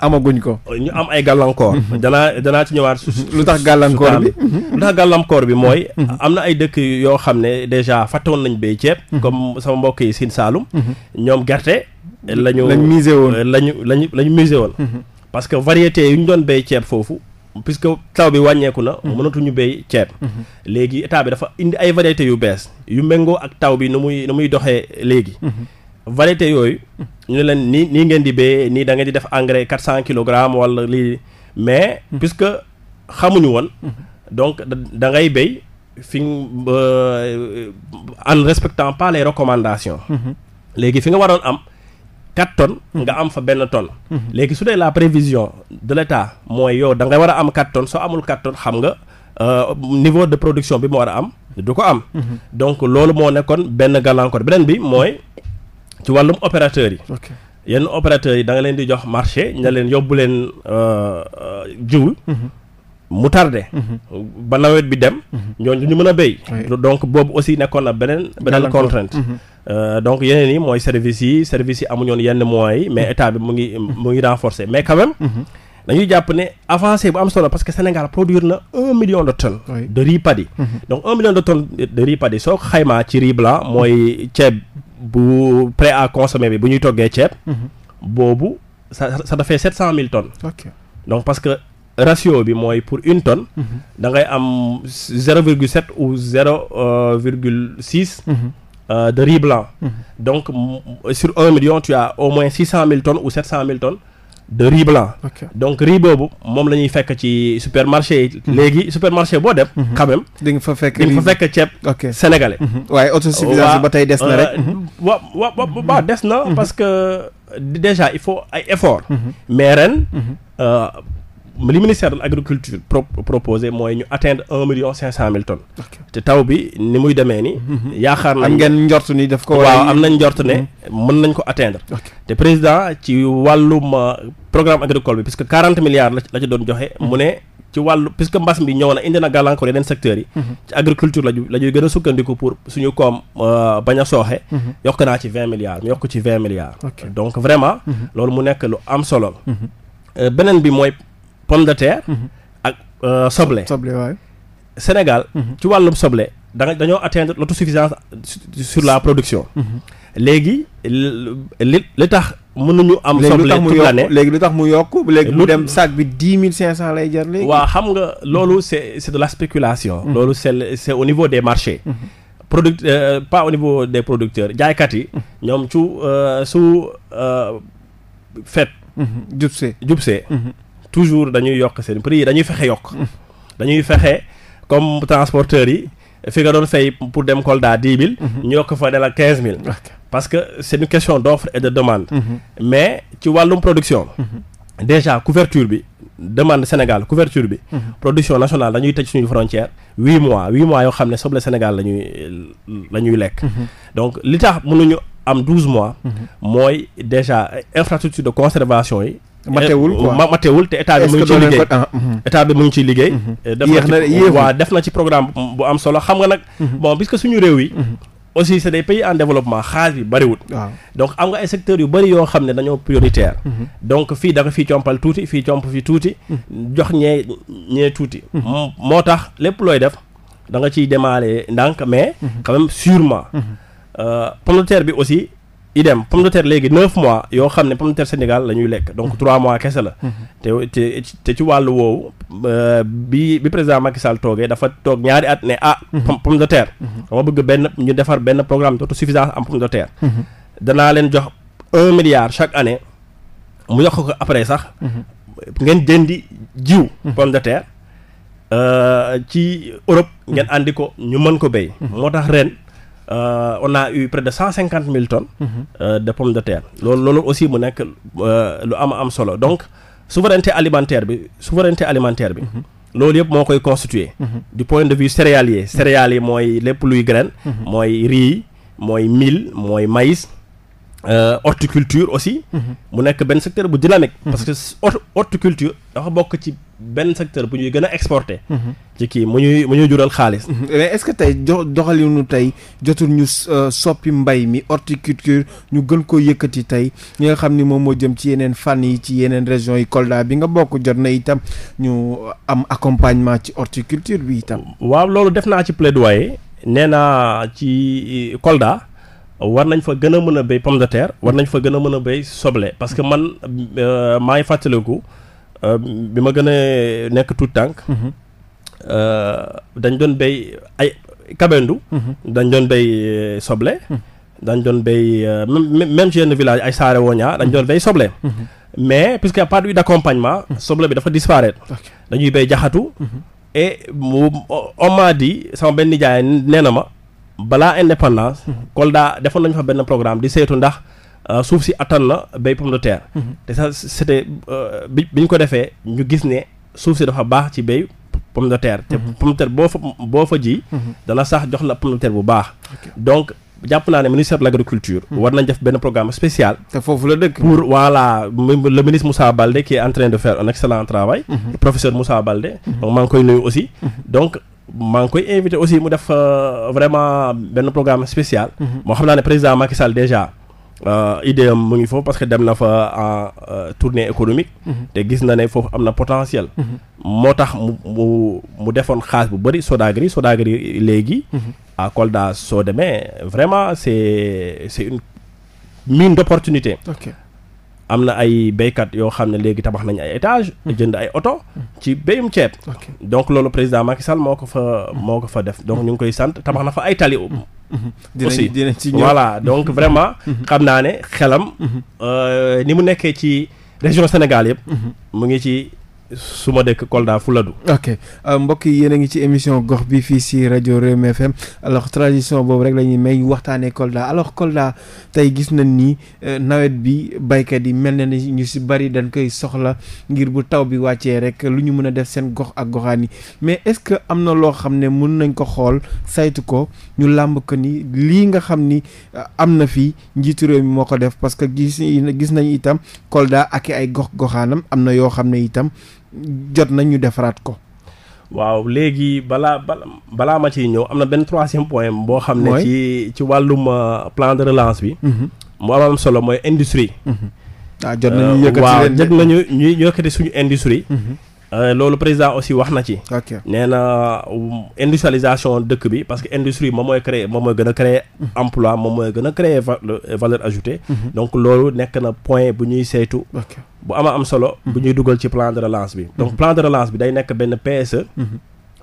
amaguñ ko. ñu am ay gàllankoor. Mhm. danaa danaa ci ñëwaat. su tax gàllankoor bi mhm. lu tax gàllankoor bi mooy. Mhm. am na ay dëkk yoo xam ne déjà fàttewoon nañ bay ceeb. comme sama mbokk yi Sine Saalum. ñoom gerte. lañu lañ misé woon euh, lañu lañu lañu misé woon. parce que variété yu ñu doon bay ceeb foofu. puisque taw bi wàññeeku na. mënatuñu béy ceeb. léegi état bi dafa indi ay variétés yu bees. yu méngoo ak taw bi nu muy nu muy doxee léegi. variété yooyu ñu leen nii nii ngeen di béyee nii da ngeen di def engrais quatre cent kilogrammes wala lii mais hmm. puisque xamuñu woon hmm. donc da ngay béy fi euh, en respectant pas les recommandations hmm. léegi fi nga waroon am quatre tonnes nga am fa benn tonne léegi su dee la prévision de l'état mooy yow da nga war a am quatre tonnes soo amul quatre tonnes xam nga euh, niveau de production bi mu war a am du ko am donc loolu moo nekkoon benn gàllankoor beneen bi mooy ci wàllum opérateurs yi. yenn opérateurs yi danga leen di jox marché ña leen yóbbu leen euh, euh, jiw. Mhm. mu tardé. Mhm. ba nawet bi dem. Mhm. ñooñu ñu mën a béy. donc boobu aussi nekkoon na beneen. beneen contrainte. Euh, donc yeneen yi mooy services yi service yi amuñoon yenn moyens yi mais état bi mu ngi mu ngi renforcer mais quand jàpp ne avancé bu am solo parce que Sénégal produire na un million de tonnes. de riz paddy. donc un million de tonnes de riz paddy soo xaymaa ci riz la mooy ceeb. bu prêt à consommer bi bu ñuy toggee ceeb. Mhm. boobu sa ça dafay sept cent mille tonne ok donc parce que ratio bi mooy pour une tonne. Mhm. da ngay am zéro virgule sept ou zéro euh, virgule six. Mhm. Euh, de riz blanc. donc sur un million tu as au moins six cent mille tonnes ou sept cent mille tonnes. de riz blanc. Okay. donc riz boobu moom lañuy ñuy fekk ci supermarché yi. Mhm. léegi supermarché boo dem. Mhm. quand même di nga fa fekk di nga fa fekk ceeb. ok sénégalais. waaye mhm. ba tey des na rek. Euh, wa wa wa des na. parce que déjà il faut ay effort. mais ren. Euh, li ministère de l' agriculture pro mooy ñu atteindre un million cinq cent mille tonnes. te taw bi ni muy demee ni mhm. yaakaar nañ ngeen njort ni daf ko. waaw am nañ njort ne mhm. mën nañ ko atteindre. te président ci wàllum euh, programme agricole bi puisque quarante milliards la la ci doon joxe. Mhm. mu ne ci wàllu puisque mbas bi ñëw na indi na gàllankoor yeneen secteurs yi. ci agriculture la ju la ñuy gën a sukkandiku pour suñu koom euh, bañ a sooxe. yokk naa ci vingt milliards mu yokk ci vingt milliards. donc vraiment. loolu mu nekk lu am solo. Euh, beneen bi mooy. pomme de terre. Mhm. ak euh, soble. soble waay Sénégal. Mhm. ci wàllum soble da nga dañoo atteindre suffisance sur la production. Mhm. léegi li li tax mënuñu am. soble toute l'année léegi lu tax mu yokk léegi mu dem sac bi dix mille cinq cent lay jar léegi. waaw xam nga loolu c'est c'est de la spéculation. loolu c'est c'est au niveau des marchés. product euh, pas au niveau des producteurs jaaykat yi. ñoom su euh, su euh, fet jubsee jubsee toujours dañuy yokk seen prix yi dañuy fexe yokk mm. dañuy fexe comme transporteurs yi fi nga doon fay pour dem colda dix mille mm-hmm. ñu yokk fa ne la quinze mille parce que c'est une question d'offre et de demande mm-hmm. mais ci wàllum production mm-hmm. déjà couverture bi demande Sénégal couverture bi production nationale dañuy tëj suñu frontière huit mois huit mois yoo xam ne soble Sénégal la ñuy lekk donc li tax mënuñu am douze mois mooy déjà infrastructure de conservation yi Eh, matewul quoi matewul te ah, ah. état bi mu ngi ciy liggéey état bi mu ngi ciy liggéey def na ci waaw def na ci programme bu am solo xam nga nag mm-hmm. bon puisque suñu réew yi mm-hmm. aussi c'est des pays en développement xaalis bi bëriwul donc am nga ay secteurs yu bëri yoo xam ne dañoo prioritaire mm-hmm. donc fii da nga fii compal tuuti fii comp fii tuuti jox ñee ñee tuuti moo tax lépp looy def da nga ciy démarrer ndànk mais quand même sûrement euh, pomme bi aussi idem pomme de terre léegi neuf mois yoo xam ne pomme de terre Sénégal la ñuy lekk donc mm-hmm. trois mois kese la mm-hmm. te te ci wàllu woowu euh, bi bi président Macky Sall toogee dafa toog ñaari at ne ah mm-hmm. pomme dama bëgg benn ñu defar benn programme d'autosuffisance en pomme de terre danaa leen jox un milliard chaque année mu yokk ko après sax ngeen jëndi jiw pomme de euh, ci Europe ngeen àndi ko ñu mën ko béy moo tax ren Euh, on a eu près de cent cinquante mille tonnes. Mm -hmm. euh, de pommes de terre loolu loolu aussi bu nekk euh, lu am am solo donc souveraineté alimentaire bi souveraineté alimentaire bi. Mhm. loolu yëpp moo koy constituer mhm. du point de vue céréalier mhm. céréales yi mooy lépp luy graine. mooy riz mooy mille mooy maïs. Euh, horticulture aussi. mu nekk benn secteur bu dynamique. Mhm. parce que horticulture dafa bokk ci benn secteur bu ñuy gën a exporter. Mhm. ci kii mu ñuy ñuy jural xaalis. Mhm. mais est-ce que tey doxalinu tey jotul ñu euh, soppi mbay mi horticulture ñu gën ko yëkkati tey ñi nga xam ni moom moo jëm ci yeneen fànn yi ci yeneen région yi Kolda bi nga bokk jot na itam ñu am accompagnement ci horticulture bi itam. waaw loolu def naa ci plaidoyer nee naa ci Kolda. war nañ fa gën a mën a béy pomme de terre war nañ fa gën a mën a béy soble parce que man euh, maa ngi fàttaliku euh, bi ma gën a nekk tout tànk mhm. euh, dañ doon béy ay kabendu mhm. dañ doon béy soble mhm. dañ doon béy même même jeune village ay saare woña dañ doon béy soble mais puisque y a pas d'accompagnement soble bi dafa disparaître dañuy béy jaxatu et on m'a dit sama benn nijaay nee na ma balaa indépendance. Kolda defoon nañu fa benn programme di seetu ndax euh, suuf si attan na béy pomme de terre. Mhm. te ça c'était euh, bi bi ñu ko defee ñu gis ne suuf si dafa baax ci béy pomme de terre. te mhm. pomme de terre boo fa boo fa ji. Mhm. dana sax jox na pomme de terre bu baax. donc jàpp naa ne ministère de l'agriculture. war nañ def benn programme spécial. te foofu la dëkk. pour voilà le ministre Moussa Baldé qui est en train de faire un excellent travail. le professeur Moussa Baldé. maa ngi koy nuyu aussi donc. maa ngi koy invité aussi mu def euh, vraiment benn programme spécial. Mhm. moo xam naa ne président Macky Sall déjà euh, idée am mu ngi foofu parce que dem na fa en euh, tournée économique. Mhm. te gis na ne foofu am na potentiel. Mhm. moo tax mu mu mu defoon xaas bu bëri Sodagri Sodagri léegi. à Kolda soo demee vraiment c'est c'est une mine d'opportunité. am na ay béykat yoo xam ne léegi tabax nañu ay étage hmm. jënd ay oto hmm. ci béyum ceeb donc loolu président Macky Sall moo ko fa moo ko fa def donc ñu ngi koy sant tabax na fa ay tali hmm. aussi voilà donc vraiment xam naa ne xelam euh, ni mu nekkee ci région Sénégal yëpp mu ngi ci su ma dëkk Kolda Fuladu. ok euh, mbokk yi yéen a ngi ci émission gox bi fii si rajo Rewmi FM alors tradition boobu rek la ñuy may waxtaanee Kolda alors Kolda tey gis nañ ni euh, nawet bi baykat yi mel na ni ñu si bari dañ koy soxla ngir bu taw bi wàccee rek lu ñu mën a def seen gox ak goxaan yi mais est-ce que am na loo xam ne mun nañ ko xool saytu ko ñu làmb ko ni lii nga xam ni euh, am na fi njiitu réew mi moo ko def parce que gis gis nañ itam Kolda ak ay gox goxaanam am na yoo xam ne itam. jot nañ ñu defaraat ko. waaw léegi balaa balaa ma ciy ñëw am na benn troisième point boo xam ne ci ci wàllum euh, plan de relance bi. Mhm. mu amam solo mooy industrie. Mhm. ah jot nañu euh, yëkkati waaw jot nañu yëkkati suñu industrie. Mhm. Euh, loolu président aussi wax na ci. nee na euh, industrialisation dëkk bi parce que industrie moom mooy créer moom mooy gën a créer mhm. emploi moom mooy gën a créer valeur ajoutée. Mhm. donc loolu nekk na point bu ñuy saytu. bu ama am solo. Mhm. bu ñuy dugal ci plan de relance bi. donc plan de relance bi day nekk benn PSE.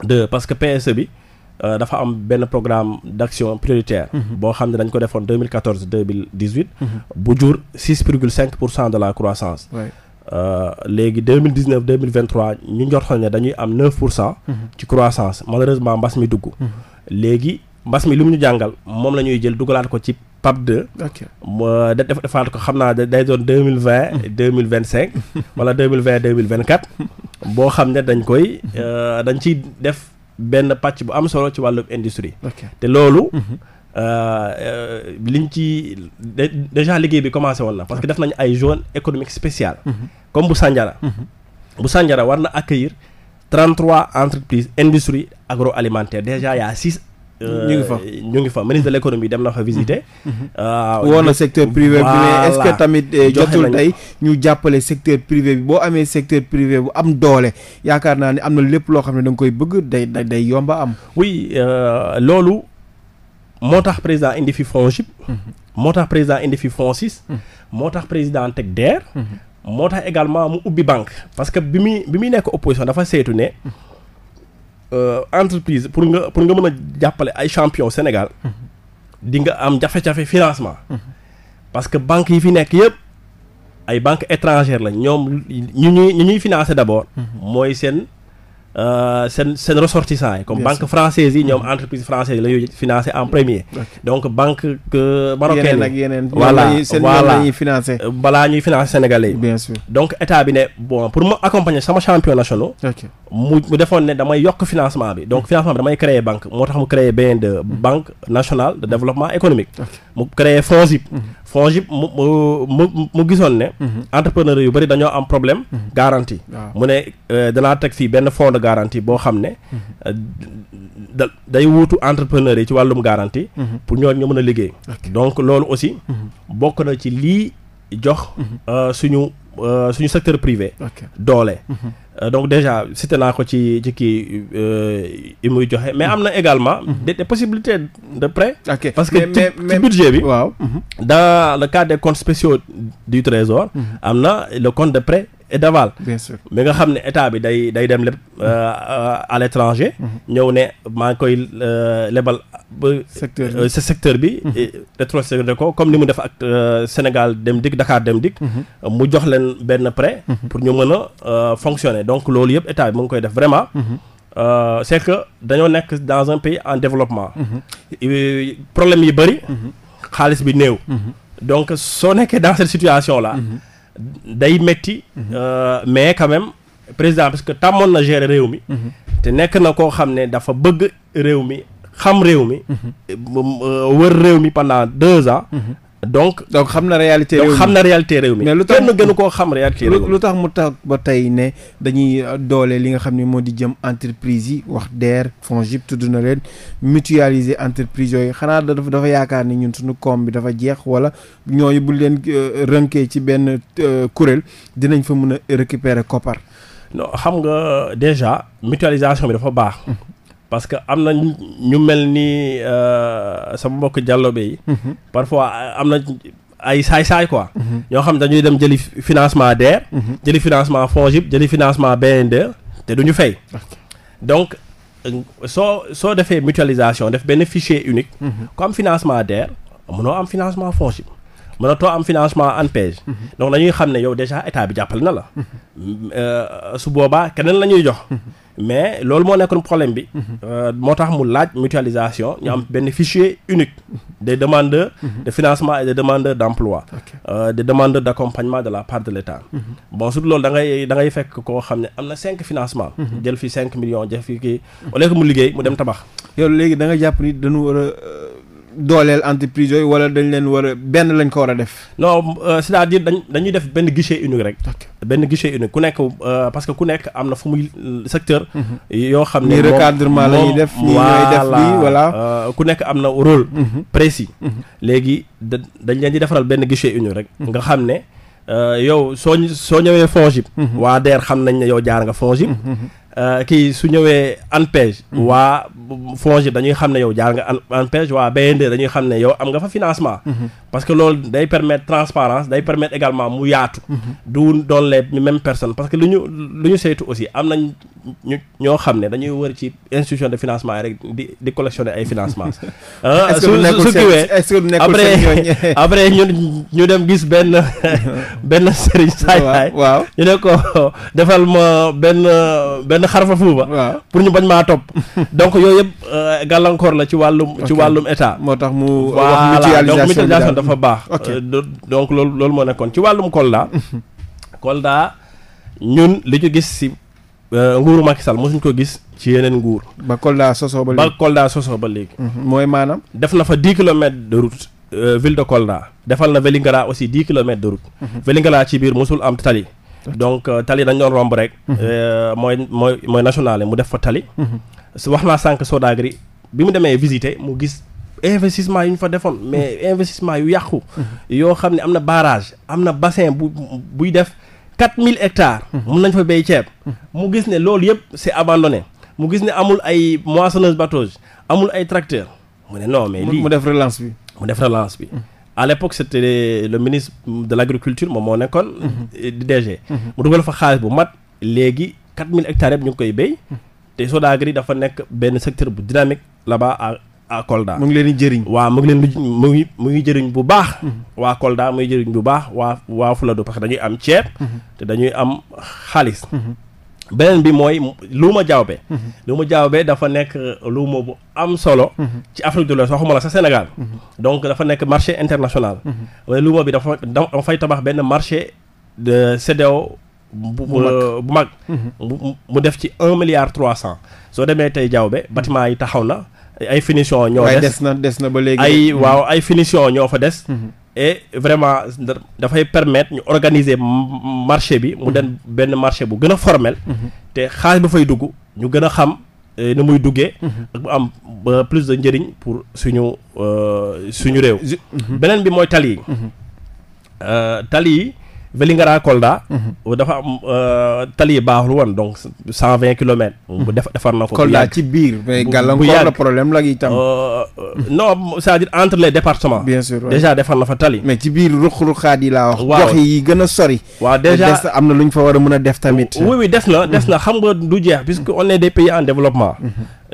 deux parce que PSE bi. Euh, dafa am benn programme d'action prioritaire. boo xam ne dañ ko defoon 2014 2018. bu jur 6,5 pour cent de la croissance. Ouais. Euh, léegi deux mille dix neuf deux mille vingt trois ñu njortoon ne dañuy am neuf pour cent. Mhm. ci croissance malheureusement mbas mi dugg. Mhm. léegi mbas mi li mu ñu jàngal moom la ñuy jël dugalaat ko ci PAP 2. ok ma def defaat ko xam naa day doon deux mille vingt mhm. deux mille vingt cinq. wala deux mille vingt deux mille quatre. boo xam ne dañ koy euh, dañ ci def benn pàcc bu am solo ci wàllu industrie. te loolu. Euh, euh, liñ ci déjà liggéey bi commencé woon na parce que def nañu ay zone économique spécial mhm. comme bu Sandiara mhm. bu sànjara war na accueillir trente-trois entreprises industrie alimentaire déjà y a six euh, ñu ngi fa ñu ngi fa ministre de l'économie dem na fa visiter. Mhm. woo na secteur privé bi mais est-ce que tamit jotul tey ñu jàppale secteur privé bi boo amee secteur privé bu am doole yaakaar naa ne am na lépp loo xam ne da koy bëgg day day yomba am. oui loolu. moo tax président indi fi FONGIP. Mhm. moo tax président indi fi FONSIS. Mhm. moo tax président teg DER. Mhm. moo tax également mu ubbi banque. parce que bi muy bi muy nekk opposition dafa seetu ne. Euh, entreprise pour nga pour nga mën a jàppale ay champion Sénégal. di nga am jafe-jafe financement. parce que banque yi fi nekk yëpp. ay banque étrangère la ñoom ñu ñuy ñu ñuy financé d' abord. mooy seen. Euh, seen seen ressortissants yi. comme banque française yi ñoom mm-hmm. entreprise française yi la ñuy financé en premier. donc banque marocaine yi ak yeneen euh, balaa ñuy finance sénégalais yi. bien sûr donc état bi ne bon pour mu accompagner sama champion national. mu mu defoon ne damay yokk financement bi. donc mm. financement bi damay créer banque moo tax mu créer BNDE. Mm. banque nationale de développement économique. mu créer FONGIP. Mm-hmm. FONGIP mu mu mu gisoon ne. Mhm. entrepreneur yu bëri dañoo am problème. Mhm. garantie mu ne euh, danaa teg fii benn fonds de garantie boo xam ne. Mhm. Euh, da day wutu entrepreneur yi ci wàllum garantie. pour ñoo ñu mën a liggéey. donc loolu aussi. bokk na ci lii jox euh, suñu suñu secteur privé. doole. Euh, donc déjà cité naa ko ci ci kii yi euh, muy joxe mais am na également. Mhm. des des possibilités de prêt. ok parce que ci budget bi. waaw dans le cadre des comptes spéciaux du trésor mhm. am na le compte de prêt. et d'aval bi nga xam ne état bi day day dem lépp euh, euh, à l'étranger mm-hmm. ñëw ne maa ngi koy euh, lebal sa secteur bi mm-hmm. rétrocédé ko comme ni mu def ak Sénégal dem dikk Dakar dem dikk mm-hmm. mu jox leen benn prêt pour ñu mën a fonctionner donc loolu yëpp état bi mu ngi koy def vraiment Euh, c'est que dañoo nekk dans un pays en développement mmh. problème yi bëri xaalis bi néew donc soo nekkee dans cette situation la day metti mhm. euh, mais quand même président parce que tàmmoon na gérer réew mi mhm. te nekk na koo xam ne dafa bëgg réew mi xam réew mi mhm. euh, wër réew mi pendant deux ans donc donc xam na réalité réew mi xam na réalité mi mais lu tax kenn gënu koo xam réalité réew mi lu tax mu tax ba tey ne dañuy euh, doole li nga xam ni moo di jëm entreprise yi wax DER FONGIP tudd na leen mutualiser entreprise yooyu xanaa dafa dafa yaakaar ni ñun suñu koom bi dafa jeex wala ñooñu bu leen euh, rënkee ci benn euh, kuréel dinañ fa mën a récupérer koppar non xam nga déjà mutualisation bi dafa baax parce que am na ñu mel ni euh, sama mbokk jàllobe yi. Mhm. parfois euh, am na ay saay-saay quoi. Mhm. ñoo xam dañuy dem jëli financement DER. Mhm. jëli financement FONGIP jëli financement BND te du ñu fay. donc euh, soo soo defee mutualisation def benn fichier unique. ku am financement DER mënoo am financement FONGIP. mënatoo am financement ANPEJ. donc dañuy xam ne yow déjà état bi jàppale na la. su boobaa keneen la ñuy jox. mais loolu moo nekkoon problème bi. Mhm. Euh, moo tax mu laaj mutualisation ñu am mhm. benn unique. Mhm. des demandeurs. de financement et des demandeurs de emploi. Euh, des de la part de l' état. bon surtout loolu dangay ngay fekk koo xam ne am na cinq financement jël fi cinq millions jël fi kii au mu liggéey mu dem tabax. yow léegi danga jàpp ni dañu war euh, dooleel entreprise yooyu wala dañ leen war a benn lañ ko war a def. no euh, cest à dañ dañuy def benn guichet unique rek. benn guichet unique ku nekk euh, parce que ku nekk am na fu muy euh, secteur. Mhm. yoo xam ne moom recadrement la ñuy def. ñi ñooy def lii voilà ku nekk am na rôle. Mhm. précis. Mhm. léegi da dañ leen di defaral benn guichet unique rek. nga xam ne yow soo soo ñëwee FONGIP. waa DER xam nañ ne yow jaar nga FONGIP. Euh, kii su ñëwee ANPEJ. Mm-hmm. waa FONGIP dañuy xam ne yow jaar nga ANPEJ waa BND dañuy xam ne yow am nga fa financement. Mm-hmm. parce que loolu day permettre transparence day permettre également mu yaatu. Mm-hmm. du doon les mêmes personnes parce que lu ñu lu ñu saytu aussi am nañ ñu ñoo xam ne dañuy wër ci institution de financement rek di di collectionner ay financements. Ah, est-ce que su kiwee après après ñu dem gis benn benn sëriñ saay waaw ñu ne defal ma benn benn xarfa fuuba. pour ñu bañ maa topp. donc yooyu yëpp euh, gàllankoor la ci wàllum ci wàllum état. moo tax mu wax mutualisation dafa baax. Euh, donc loolu loolu moo nekkoon ci wàllum Kolda. Kolda ñun li ñu gis si. Euh, nguuru Macky Sall mosuñ ko gis ci yeneen nguur. ba Kolda sosoo ba léegi ba Kolda sosoo ba léegi. Mhm. mooy maanaam. def na fa dix kilomètres de route. Euh, ville de Kolda. defal na Vélingara aussi dix kilomètres de route. Mhm. Vélingara ci biir mosul am tali. donc euh, tali dañ doon romb rek. Mhm. mooy mooy mooy nationale mu def fa tali. su wax naa sànq Sodagri bi mu demee visiter mu gis. investissement yu ñu fa defoon mais investissement yu yàqu yoo xam ne am na barrage am na bassin buy def quatre mille ectare mun mhm. nañ fa béy ceeb. Mhm. mu gis ne loolu yëpp c' est mu gis ne amul ay moissonneuse batteuse amul ay tracteur mu ne non mais. lii mu def relance bi. mu def relance bi. Mhm. à l' le ministre de l' agriculture moom moo nekkoon. di euh, DG. mu dugal fa xaalis bu mat léegi quatre mille hectares yëpp ñu ngi koy béy. te Sodaagri dafa nekk benn secteur bu dynamique là-bas à Kolda. mu ngi leen di jëriñ. waaw mu ngi leen di mu ngi mu ngi jëriñ bu baax. waa Kolda muy jëriñ bu baax waa waa Fuladu parce que dañuy am ceeb. te dañuy am xaalis. beneen bi mooy luuma jawbe luuma be dafa nekk luuma bu am solo ci Afrique de l'Ouest waxuma la sa Sénégal donc dafa nekk marché international waaye luuma bi dafa dafa fay tabax benn marché de bu bu mag mhm. mu def ci un milliard trois cent soo demee tey jawbe bâtiment yi taxaw na ay finition ñoo des na des na ba léegi ay waaw ay finition ñoo fa des. Mhm. et vraiment dafay permettre ñu organiser marché bi mu mhm. den benn marché bu gën a formel. Mhm. te xaalis ba fay dugg ñu gën a xam eh, ni muy duggee. ak bu am plus de njëriñ pour suñu euh, suñu réew. beneen bi mooy tali yi. Euh, tali yi. Vélingara Kolda. Mhm. dafa am euh, tali yi baaxul woon donc cent vingt kilomètres. Mhm. bu def defar na ko. Kolda ci biir mais gàllankoor la problème la itam. Euh, euh, non sa à dire entre les départements. déjà defar na fa tali. mais ci biir ruq-ruqaat yi laa wax. gox yi gën a sori. waaw déjà am na lu ñu fa war a mën a def tamit. oui oui des na des na mhm. xam nga du jeex puisque on est des pays en développement.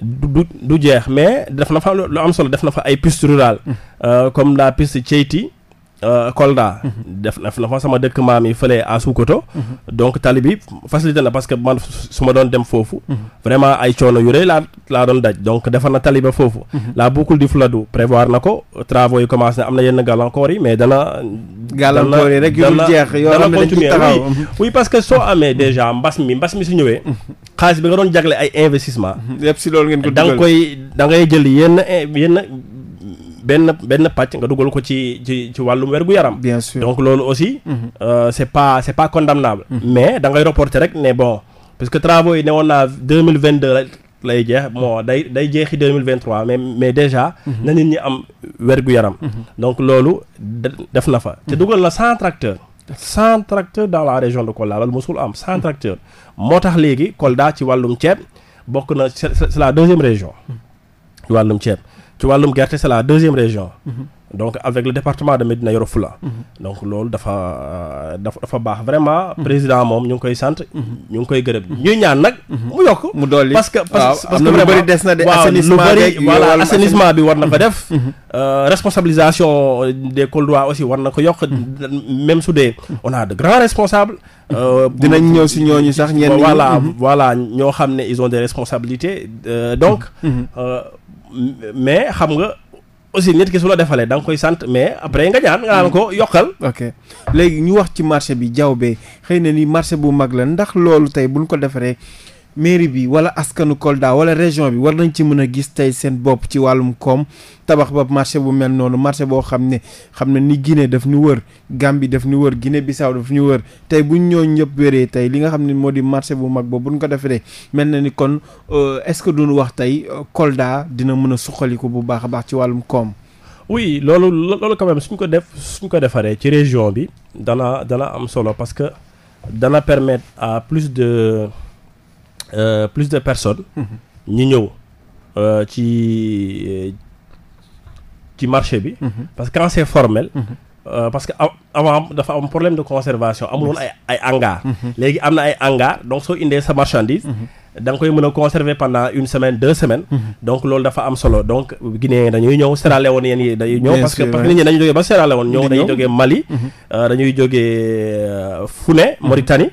du du jeex mais def na fa lu am solo def na fa ay pistes rurales. comme la piste Thiéty. Euh, Kolda. def na fa sama dëkk maam yi fële à Soukoto. donc tali bi facilité na parce que man su ma doon dem foofu. vraiment ay coono yu rëy laa laa doon daj donc defar na tali ba foofu. la boucle du Fladou prévoir na ko travaux yi commencé am na yenn gàllankoor yi mais dana. gàllankoor yi rek yu dul jeex yoo xam ne que soo amee déjà mbas mi mbas mi su ñëwee. xaalis bi nga doon jagle ay investissement. yëpp si loolu ngeen ko dugal da nga koy da jël yenn yenn. benn benn pàcc nga dugal ko ci ci ci wàllum wergu yaram. bien donc loolu aussi. Mhm. Euh, pas c' est pas condamnable. Mhm. mais dangay ngay reporter rek ne bon parce que travaux yi ne woon naa deux mille vingt deux lay jeex moo mhm. day day jeexi deux mille vingt mais mais déjà. na nit ñi am wergu yaram. donc loolu def na fa. te dugal la cent tracteurs. cent tracteurs dans la région de Kolda loolu mosul am cent tracteurs. moo tax léegi Kolda ci wàllum ceeb bokk na c'est la deuxième région. ci wàllum ceeb. ci wàllum gerte c'est la deuxième région. Mhm. donc avec le département de Médina Yoro Foulah mhm. donc loolu dafa euh, dafa dafa baax vraiment. Mhm. président moom ñu ngi koy sant. ñu ngi koy gërëm ñuy ñaan nag. mu yokk mu dolli parce que parce que lu bëri des na de. assainissement assainissement bi war na ko def. Euh, responsabilisation des couloirs aussi war na ko yokk. même su dee on a de grands responsables. Euh, dinañ ñëw si ñoo ñu sax ñenn ñi. voilà ñoo xam ne ils ont des responsabilités donc. mais xam nga aussi nit ki su la defalee danga koy sant mais après nga ñaan nga naan ko yokkal. ok léegi ñu wax ci marché bi jaww bee xëy na ni marché bu mag la ndax loolu tey buñ ko defaree mairie bi wala askanu Kolda wala région bi war nañ ci mën a gis tey seen bopp ci wàllum koom tabax ba marché bu mel noonu marché boo xam ne xam ne ni Guinée daf ñu wër Gambie daf ñu wër Guinée Bissau daf ñu wër tey buñ ñooñ ñëpp wéree tey li nga xam ne moo di marché bu mag boobu buñ ko defee mel na ni kon euh, est-ce que duñu wax tey euh, Kolda dina mën a suqaliku bu baax a baax ci wàllum koom. oui loolu loolu quand même suñ ko def suñ ko defaree ci région bi dana dana am solo parce que dana permettre à plus de. euh, plus de personnes mhm. ñu ñëw euh, ci euh, ci marché bi mhm. parce que quand c'est formel mhm. Euh, parce que am dafa am problème de conservation amul woon ay ay hangar léegi am na ay hangar donc soo indee sa marchandise danga koy mën a conserver pendant une semaine deux semaines donc loolu dafa am solo donc Guinée dañuy ñëw Sierra woon yéen yi dañuy ñëw parce que parce que nit ñi dañuy jógee ba Sierra Leone ñëw euh, dañuy jógee Mali dañuy jógee Founé Mauritanie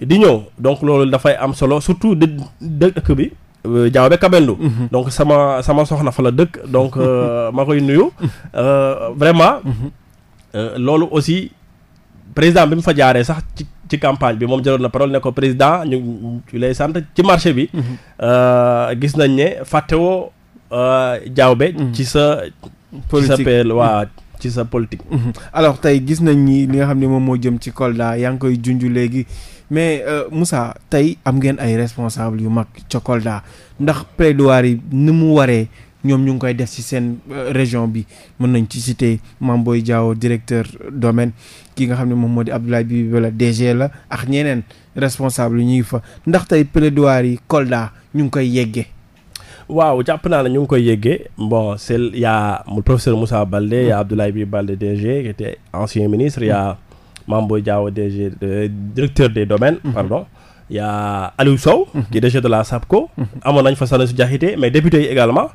di ñëw donc loolu dafay am solo surtout di dëkk bi euh, Diawbe Kabendou mm-hmm. donc sama sama soxna fa la dëkk donc euh, ma koy nuyu euh, vraiment mm-hmm. loolu aussi président bi mu fa jaaree sax ci ci campagne bi moom jëloon na parole ne ko président ñu ñu lay sant ci marché bi mm-hmm. gis nañ ne fàttewoo Diawbe ci sa ci sa peel waa ci sa politique alors tey gis nañ ni li nga xam ne moom moo jëm ci Kolda yaa ngi koy junj léegi mais euh, Moussa tey am ngeen ay responsable yu mag ca Kolda ndax plaidoirie yi ni mu waree ñoom ñu ngi koy def ci seen euh, région bi mën nañ ci citer Mame Boye Diao directeur domaine ki nga xam ne moom moo di Abdoulaye Bibi wala DG la ak ñeneen responsable yu ñuy fa ndax tey plaidoirie yi Kolda ñu ngi koy yeggee. waaw jàpp naa ne ñu ngi koy yeggee bon c'est y a professeur Moussa Baldé y a Abdoulaye Bibi Baldé DG qui était ancien ministre y Mame Boye Diao DG euh, directeur des domaine mhm. pardon y a Aliou Sow mhm. qui est DG de la SAPCO mhm. amoon nañ fa Sanusi Diakhaté mais député yi également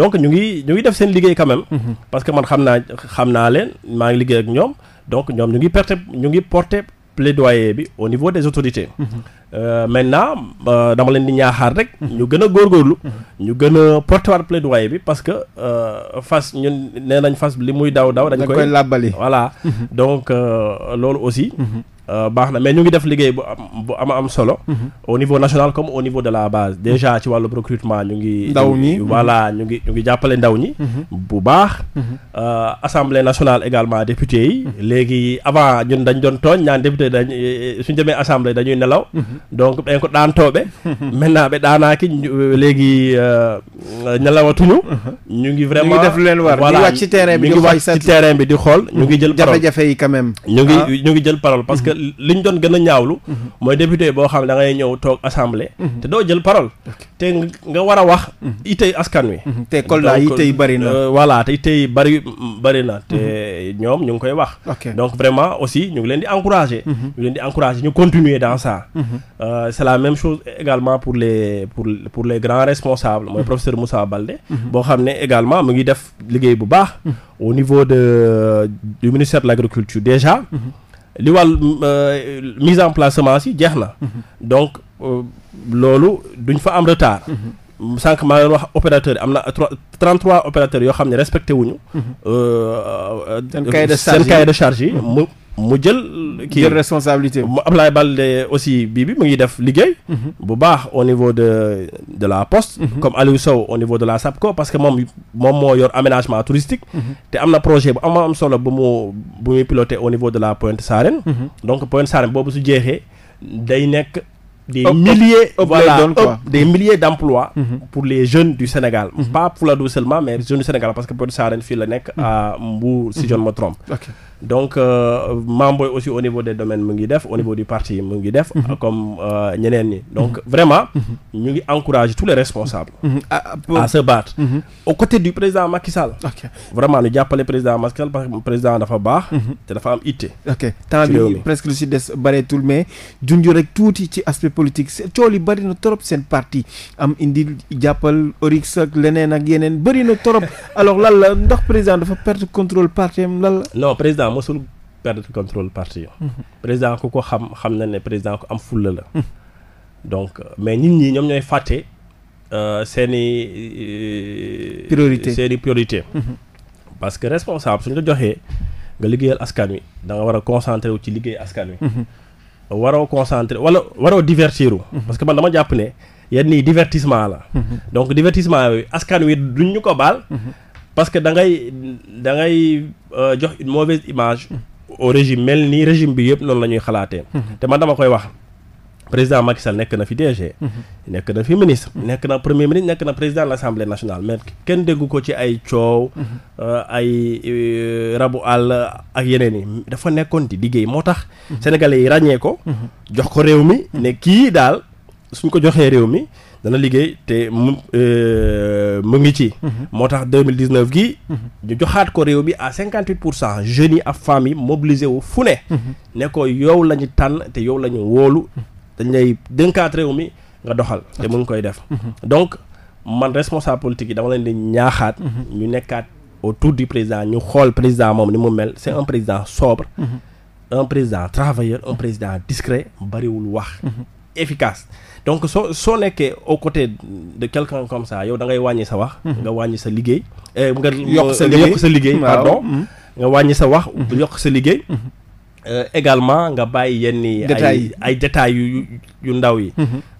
donc ñu ngi ñu ngi def seen liggéey quand même parce que man xam naa xam naa leen maa ngi liggéey ak ñoom donc ñoom ñu ngi porté ñu ngi porté plaidoyer bi au niveau des autorités. Mhm. Euh, maintenant euh, dama leen di ñaaxaar rek. Mhm. ñu gën a góorgóorlu. Mhm. ñu gën a porter waat bi parce que euh, fas ñu nee nañ fas li muy daw daw. dañ koy làbbali voilà donc loolu aussi. Euh, baax na mais ñu ngi def liggéey bu am bu ama am solo. Mhm. au niveau national comme au niveau de la base déjà ci wàllu recrutement ñu ngi. ndaw ñi voilà ñu ngi ñu ngi jàppale ndaw ñi. Mhm. bu baax. Mhm. Euh, assemblée nationale également député yi. léegi avant ñun dañ doon tooñ ñaan député dañ suñ demee dañuy nelaw. donc dañ ko daan toobe. maintenant ba daanaaki euh, léegi nelawatuñu. ñu ngi vraiment ñu ngi def lu leen war di bi di xool ñu ngi jël ñu ngi ah. ñu ngi jël parole parce que. li ñu doon gën a ñaawlu mhm. mooy député boo xam ne da ngay ñëw toog assemblée mhm. te doo jël parole te nga war a wax mhm. itey askan wi te Kolda ite tey bëri na euh, voilà te tey yi bëri bëri na te ñoom ñu ngi koy wax donc vraiment aussi ñu ngi leen di encourager ñu leen ñu continuer dans ça euh, c'est la même chose également pour les pour pour le grands responsables mooy professeur Moussa Baldé boo xam ne également mu ngi def liggéey bu baax au niveau de du ministère de l'agriculture déjà li wàll euh, mise en place semence yi jeex na mm-hmm. donc euh, loolu duñ fa am retard mm-hmm. sànq maa leen wax opérateur yi am na trente trois opérateurs yoo xam ne respecté wuñu mhm. euh, seen euh, cahier de charge yi mhm. mu mu jël kii jël responsabilité mu Ablaye Balde aussi bii bi mu ngi def liggéey mhm. bu baax au niveau de de la poste comme Aliou au niveau de la SAPCO parce que moom moom moo yor aménagement touristique te am na projet bu am am solo bu mu bu muy piloté au niveau de la point Sarène donc Pointe Sarène boobu su jeexee day nekk des up, milliers up, voilà up, des milliers d'emplois pour les jeunes du Sénégal mm -hmm. pas Fuladu seulement mais jeunes du Sénégal parce que Pod Sarène fii la nekk à Mbour si je ne me donc euh, Mame Boye aussi au niveau des domaines mu ngi def au niveau du parti mu ngi def. Mhm. comme euh, ñeneen ñi. donc mhm. vraiment. Mhm. ñu ngi encourager tous les responsables. Ah, ah, à se battre. au côté du président Macky Sall. vraiment ñu jàppale président Macky Sall parce que président dafa baax. te dafa am itte. ok temps bi presque lu si des bareetul mais junj rek tuuti ci aspect politique cool yi bari na trop seen parti am indi jàppal Orix ak leneen ak yeneen bari na trop alors lan la ndax président dafa perdre contrôle parti président mësul perdre contrôle parti mhm. président ku ko xam xam na ne président ku am fulla la mhm. donc euh, mais nit ñi ñoom ñooy fàtte euh, seen i euh, priorité seen i mhm. parce que responsable suñ la joxee nga liggéeyal askan wi danga war a concentré wu ci liggéey askan wi waroo concentré wala waroo divertir parce que man dama jàpp ne yenn yi la donc divertissement yooyu askan wi duñ ko baal parce que da ngay da ngay euh, jox une mauvaise image au régime mel ni régime bi yëpp noonu la ñuy xalaatee mhm. te man dama koy wax président Macky Sall nekk na fi DG mhm. nekk na fi ministre mhm. nekk na premier ministre nekk na président de l'Assemblée nationale mais kenn déggu ko ci ay coow euh, ay euh, rabu àll ak yeneen yi dafa nekkoon di liggéey moo tax sénégalais yi ràññee ko jox ko réew mi ne kii daal suñ ko joxee réew mi dana liggéey te mu euh, mu ngi ci. Mhm. moo tax deux mille dix neuf gi. Mhm. ñu joxaat ko réew bi à cinquante pour cent jeunes yi ak femmes yi mobilisé wu fu ne. Mhm. nekkoo yow la ñu tànn te yow la ñu wóolu. dañ lay dënkaat réew mi nga doxal. te mu ngi koy def. donc man responsable politique yi dama leen di ñaaxaat. ñu nekkaat autour du président ñu xool président moom ni mu mel c'est un président sobre. un président travailleur un président discret bariwul wax. efficace donc soo soo nekkee au côté de quelqu'un comme ça yow da ngay wàññi sa wax mhm. nga wàññi sa liggéey eh, nga yokk sa liggéey pardon mhm. nga wàññi sa wax mhm. yokk sa liggéey eh, également nga bàyyi yenn ay ay détails yu ndaw yi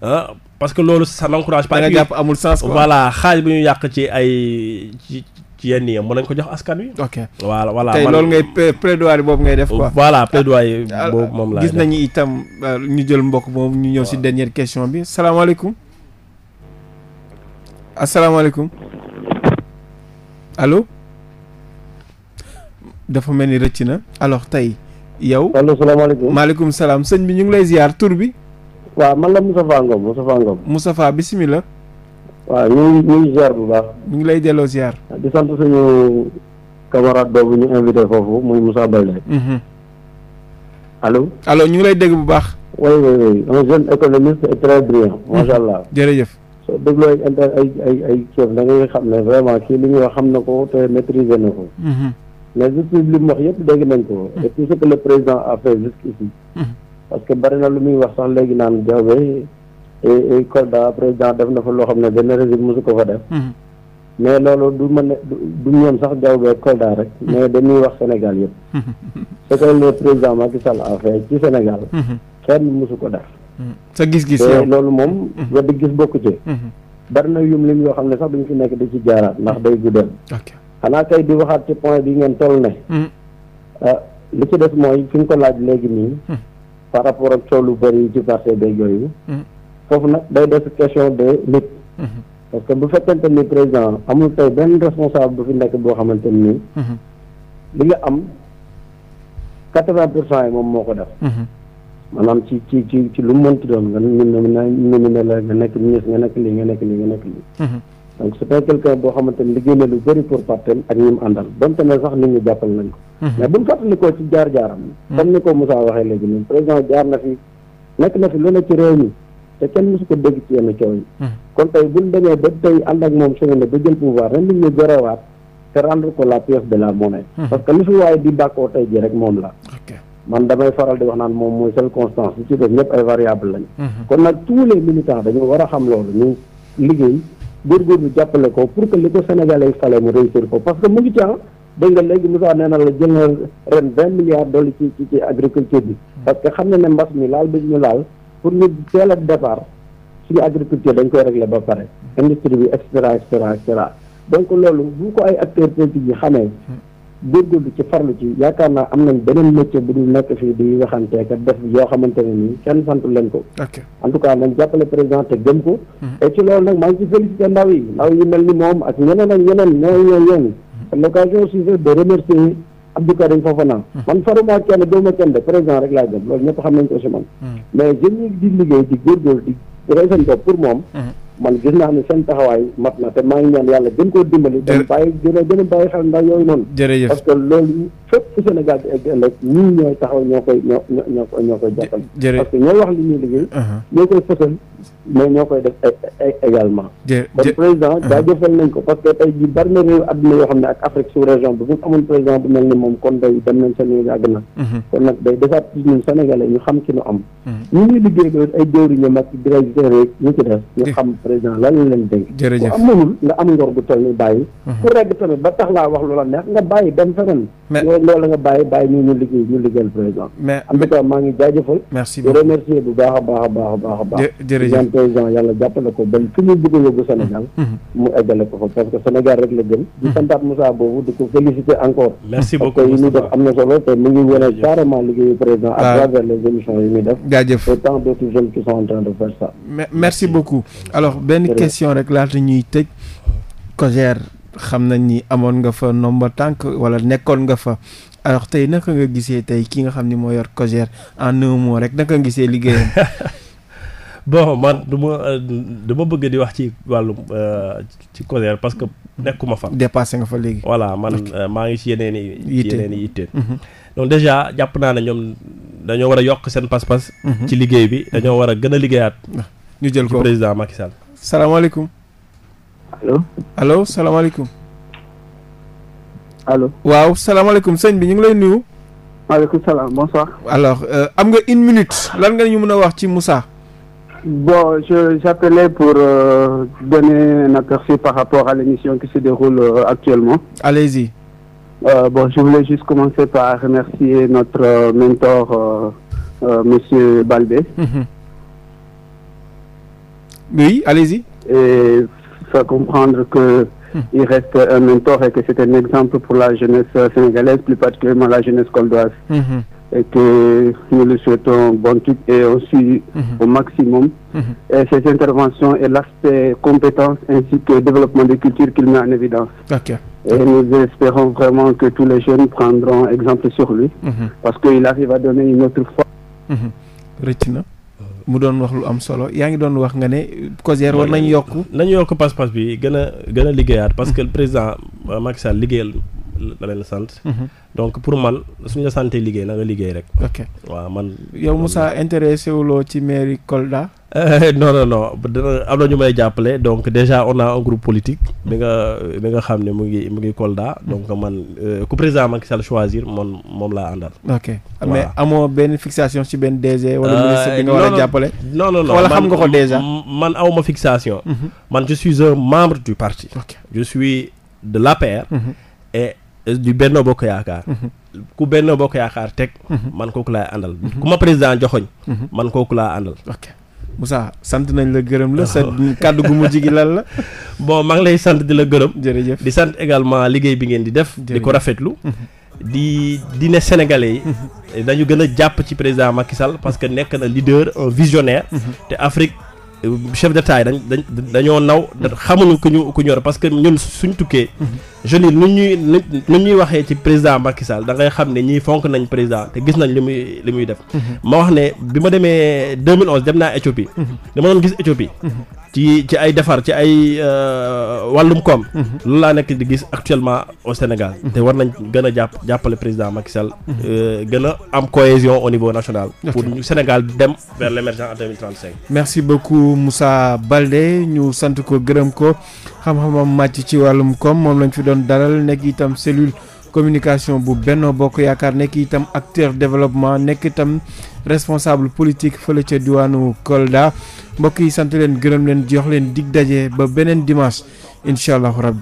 ah, parce que loolu ça n'encourage pas amul sens quoi voilà xaalis bi ñu yàq ci ay ci ci yenn yi mën nañ ko jox askan wi. ok voilà voilà tey loolu ngay plaidoyer boobu ngay def quoi. voilà plaidoyer ah, boobu moom laa gis nañu itam euh, ñu jël mbokk boobu ñu ñëw si dernière question bi salaamaaleykum. asalaamaaleykum allo dafa mel ni rëcc na alors tey yow. allo salaamaaleykum maaleykum salaam sëñ bi ñu ngi lay ziar tur bi. waaw man la Moustapha Ngom mustafaa Ngom. bisimilah. waaw ñu ngi ñu ngi ziar bu baax. ñu ngi lay delloo ziar. di sant suñu camarade boobu ñu invité foofu muy Moussa Baldé. Mhm. allo allo ñu ngi lay dégg bu baax. oui oui oui un mhm. da ngay xam ne vraiment kii li ñuy wax xam na ko te maîtriser na ko. mais juste li mu wax yëpp dégg nañ ko. Mhm. tout ce que président a fait jusqu'ici. parce que bari lu muy wax sax léegi naan jaww Kolda président def na fa loo xam ne benn régime mosu ko fa def mm-hmm. mais loolu du mën du ñoom sax jaww bee Kolda rek mm-hmm. mais dañuy wax Sénégal yëpp mm-hmm. ce que le président Macky Sall a fait ci Sénégal kenn mosu sa gis-gis yow loolu moom weddi gis bokku ci bari na yum lim yoo xam ne sax duñ fi nekk di ci jaaraat ndax day guddeel xanaa kay di waxaat ci point bi ngeen toll ne euh, li ci des mooy fi nga ko laaj léegi nii par rapport ak coow lu bëri ci parti beeg yooyu foofu nag day def question de lutte mm-hmm. parce que bu fekkente ni président amul tey benn responsable bu fi nekk boo xamante ni mm-hmm. li nga am quatre-vingt pour cent yi moom moo ko def mm-hmm. maanaam ci ci ci ci lu mu mënti doon nga nominé la nga nekk ministre nga nekk lii nga nekk lii nga nekk lii donc c'est pas quelqu'un boo xamante ni liggéey lu bëri pour parten ak ñi mu àndal donte ne sax nit ñi jàppal nañ ko mais bu ñu fàttalikoo ci jaar-jaaram comme ni ko Moussa waxee léegi nii président jaar na fi nekk na fi lu ne ci réew mi te kenn mosu ko dégg ci yenn coow yi hmm. kon tey buñ demee ba tey ànd ak moom seconde ba jël pouvoir ren nit ñu gorewaat te rendre ko la pièce de la monnaie hmm. parce que lu fi waaye di bàkkoo tey ji rek moom la man damay faral di wax naan moom mooy seule constance lu ci def ñëpp ay variable lañ hmm. kon nag tous les militants dañu war a xam loolu ñu liggéey bi jàppale ko pour que li ko Sénégalais yi fale mu réussir ko parce que mu ngi ci ah. dégg nga léegi Moussa nee na la jël na ren vingt milliards bi parce que xam na ne mbas mi laal laal pour ñu teel a départ suñu agriculture dañ koy régler ba pare industrie bi et cetera et cetera et cetera donc loolu bu ko ay acteurs politiques yi xamee góorgóorlu ci farlu ci yaakaar naa am nañ beneen métier bu dul nekk fii di waxantee nii kenn sant leen ko en tout jàppale président te gëm ko mm-hmm. et ci loolu nag maa ngi ci félicité ndaw yi ndaw yi mel ni moom ak ñeneen ak ñeneen ñoo ñoo yéen l'occasion aussi de remercier Abdou Karim Fofana. Hmm. man faruma kenn doomu kenn de président rek laa jëm loolu xam nañ ko si man. Hmm. mais jeunes di liggéey di góorgóorlu di rey seen bopp moom. Hmm. man gis naa ne seen taxawaay mat na te maa ngi ñaan yàlla gën koo dimbali. jërëjëf er- bàyyi dina gën a bàyyi xel ndaw yooyu noonu. parce que loolu fu Sénégal bi bu amoon président bu mel ni moom kon day dem nañ seen yoon yàgg na. Uh-huh. kon nag day defaat ci ñun sénégalais ñu xam ci nu am. Uh-huh. ñu ñuy liggéey ay jëwriñam ak directeur ñu ñu xam président lan la leen dénk. jërëjëf ku am mënul nga am ngor gu toll ni bàyyi. Mhm. ku regg tamit ba tax laa wax lu la neex nga bàyyi dem feneen. mais loolu nga bàyyi bàyyi ñu ñu liggéey ñu liggéeyal président. mais en di a a a a ko ba a mhm. Mhm. ngi wane ah. merci beaucoup alors benn question rek laata ñuy tëj COJER xam nañ ni amoon nga fa nomba tànk wala nekkoon nga fa alors tey naka nga gisee tey ki nga xam ni moo yor COJER en un mot rek naka nga gisee liggéeyam. bon man du ma du ma bëgg di wax ci wàllum euh, ci COJER parce que nekkuma fa. dépassé nga fa léegi. voilà man euh, maa ngi ci yeneen i. yeneen i yitte mhm. donc déjà jàpp naa na ñoom dañoo war a yokk seen pas-pas. Mhm. ci liggéey bi dañoo war a gën a liggéeyaat. ñu jël ko président Macky Sall. salaamaaleykum. allo allo salaamaaleykum. allo waaw salaamaaleykum sëñ bi ñu ngi lay nuyu. maaleykum salaam bonsoir. alo euh, am nga une minute lan nga ñu mën a wax ci Moussa. Bon, je j'appelais pour euh, donner un aperçu par rapport à l'émission qui se déroule euh, actuellement. Allez-y. Euh, je voulais juste commencer par remercier notre euh, mentor, monsieur Balbé. Mhm. Oui, allez-y. Et faire comprendre que hum. reste un mentor et que c'est un exemple pour la jeunesse sénégalaise, plus particulièrement la jeunesse coldoise. Hum. Mm-hmm. Et que nous lui souhaitons bon truc et mm-hmm. au maximum. Mm-hmm. Et ses interventions et l'aspect compétences ainsi que développement des cultures qu'il met en évidence. Et nous espérons vraiment que tous les jeunes prendront exemple sur lui, parce qu'il arrive à donner une autre fois. mu doon wax lu am solo yaa ngi doon wax nga ne COJER war nañ yokk nañu yokk pas-pas bi gën a a liggéeyaat parce que président euh, Macky liggéeyal la leen sant mhm. donc pour man suñu la santé liggéey na nga liggéey rek ok man yow Moussa intéressé ci mairie Kolda non non non am na ñu may jàppale donc déjà on na un groupe politique bi nga bi nga xam ne mu ngi mu ngi Kolda donc man euh, ku président Macky Sall choisir man moom laa àndal. ok amoo benn fixation ci benn DG. wala euh, ministre bi nga war a non non man aw ma fixation. Mhm. man je suis un membre du parti. je suis de l'APR. Mhm. et euh, du Benno Bokk Yaakaar. Mhm. ku Benno Bokk Yaakaar teg. man kooku laay àndal. ku ma président joxoñ man kooku laa àndal. Moussa sant nañ la gërëm la sa kàddu gu mujj gi lan la bon maa ngi lay sant di la gërëm jërëjëf di sant également liggéey bi ngeen di def di ko rafetlu mhm. di di ne sénégalais yi mhm. dañu gën a jàpp ci président Macky Sall parce que nekk na leader un visionnaire mhm. te Afrique chef de yi dañ dañ dañoo naw xamuñu ku ñu ku ñor parce que ñun suñ tukkee jeunes yi nu ñuy nu ñuy waxee ci président Macky Sall da ngay xam ne ñii fonk nañ président te gis nañ li muy li muy def mhm. ma wax ne bi ma demee 2011 dem naa Éthiopie mhm. dama doon gis Éthiopie mhm. ci ay defar ci ay euh, wàllum koom. Mhm. loolu laa nekk di gis actuellement au Sénégal. Mhm. te war nañ gën a jàpp jàppale président Macky Sall. Mhm. Euh, gën a am cohésion au niveau national. pour ñu Sénégal dem vers l' émergence en merci beaucoup Moussa Baldé ñu sant ko gërëm ko xam-xamam màcc ci wàllum koom moom lañ fi doon dalal nekk itam cellule communication bu Benno Bokk Yaakaar nekk itam acteur développement nekk itam. responsable politique fële ca diwaanu Kolda mbokk yi sant leen gërëm leen jox leen dig daje ba beneen dimanche incha allahu rabbi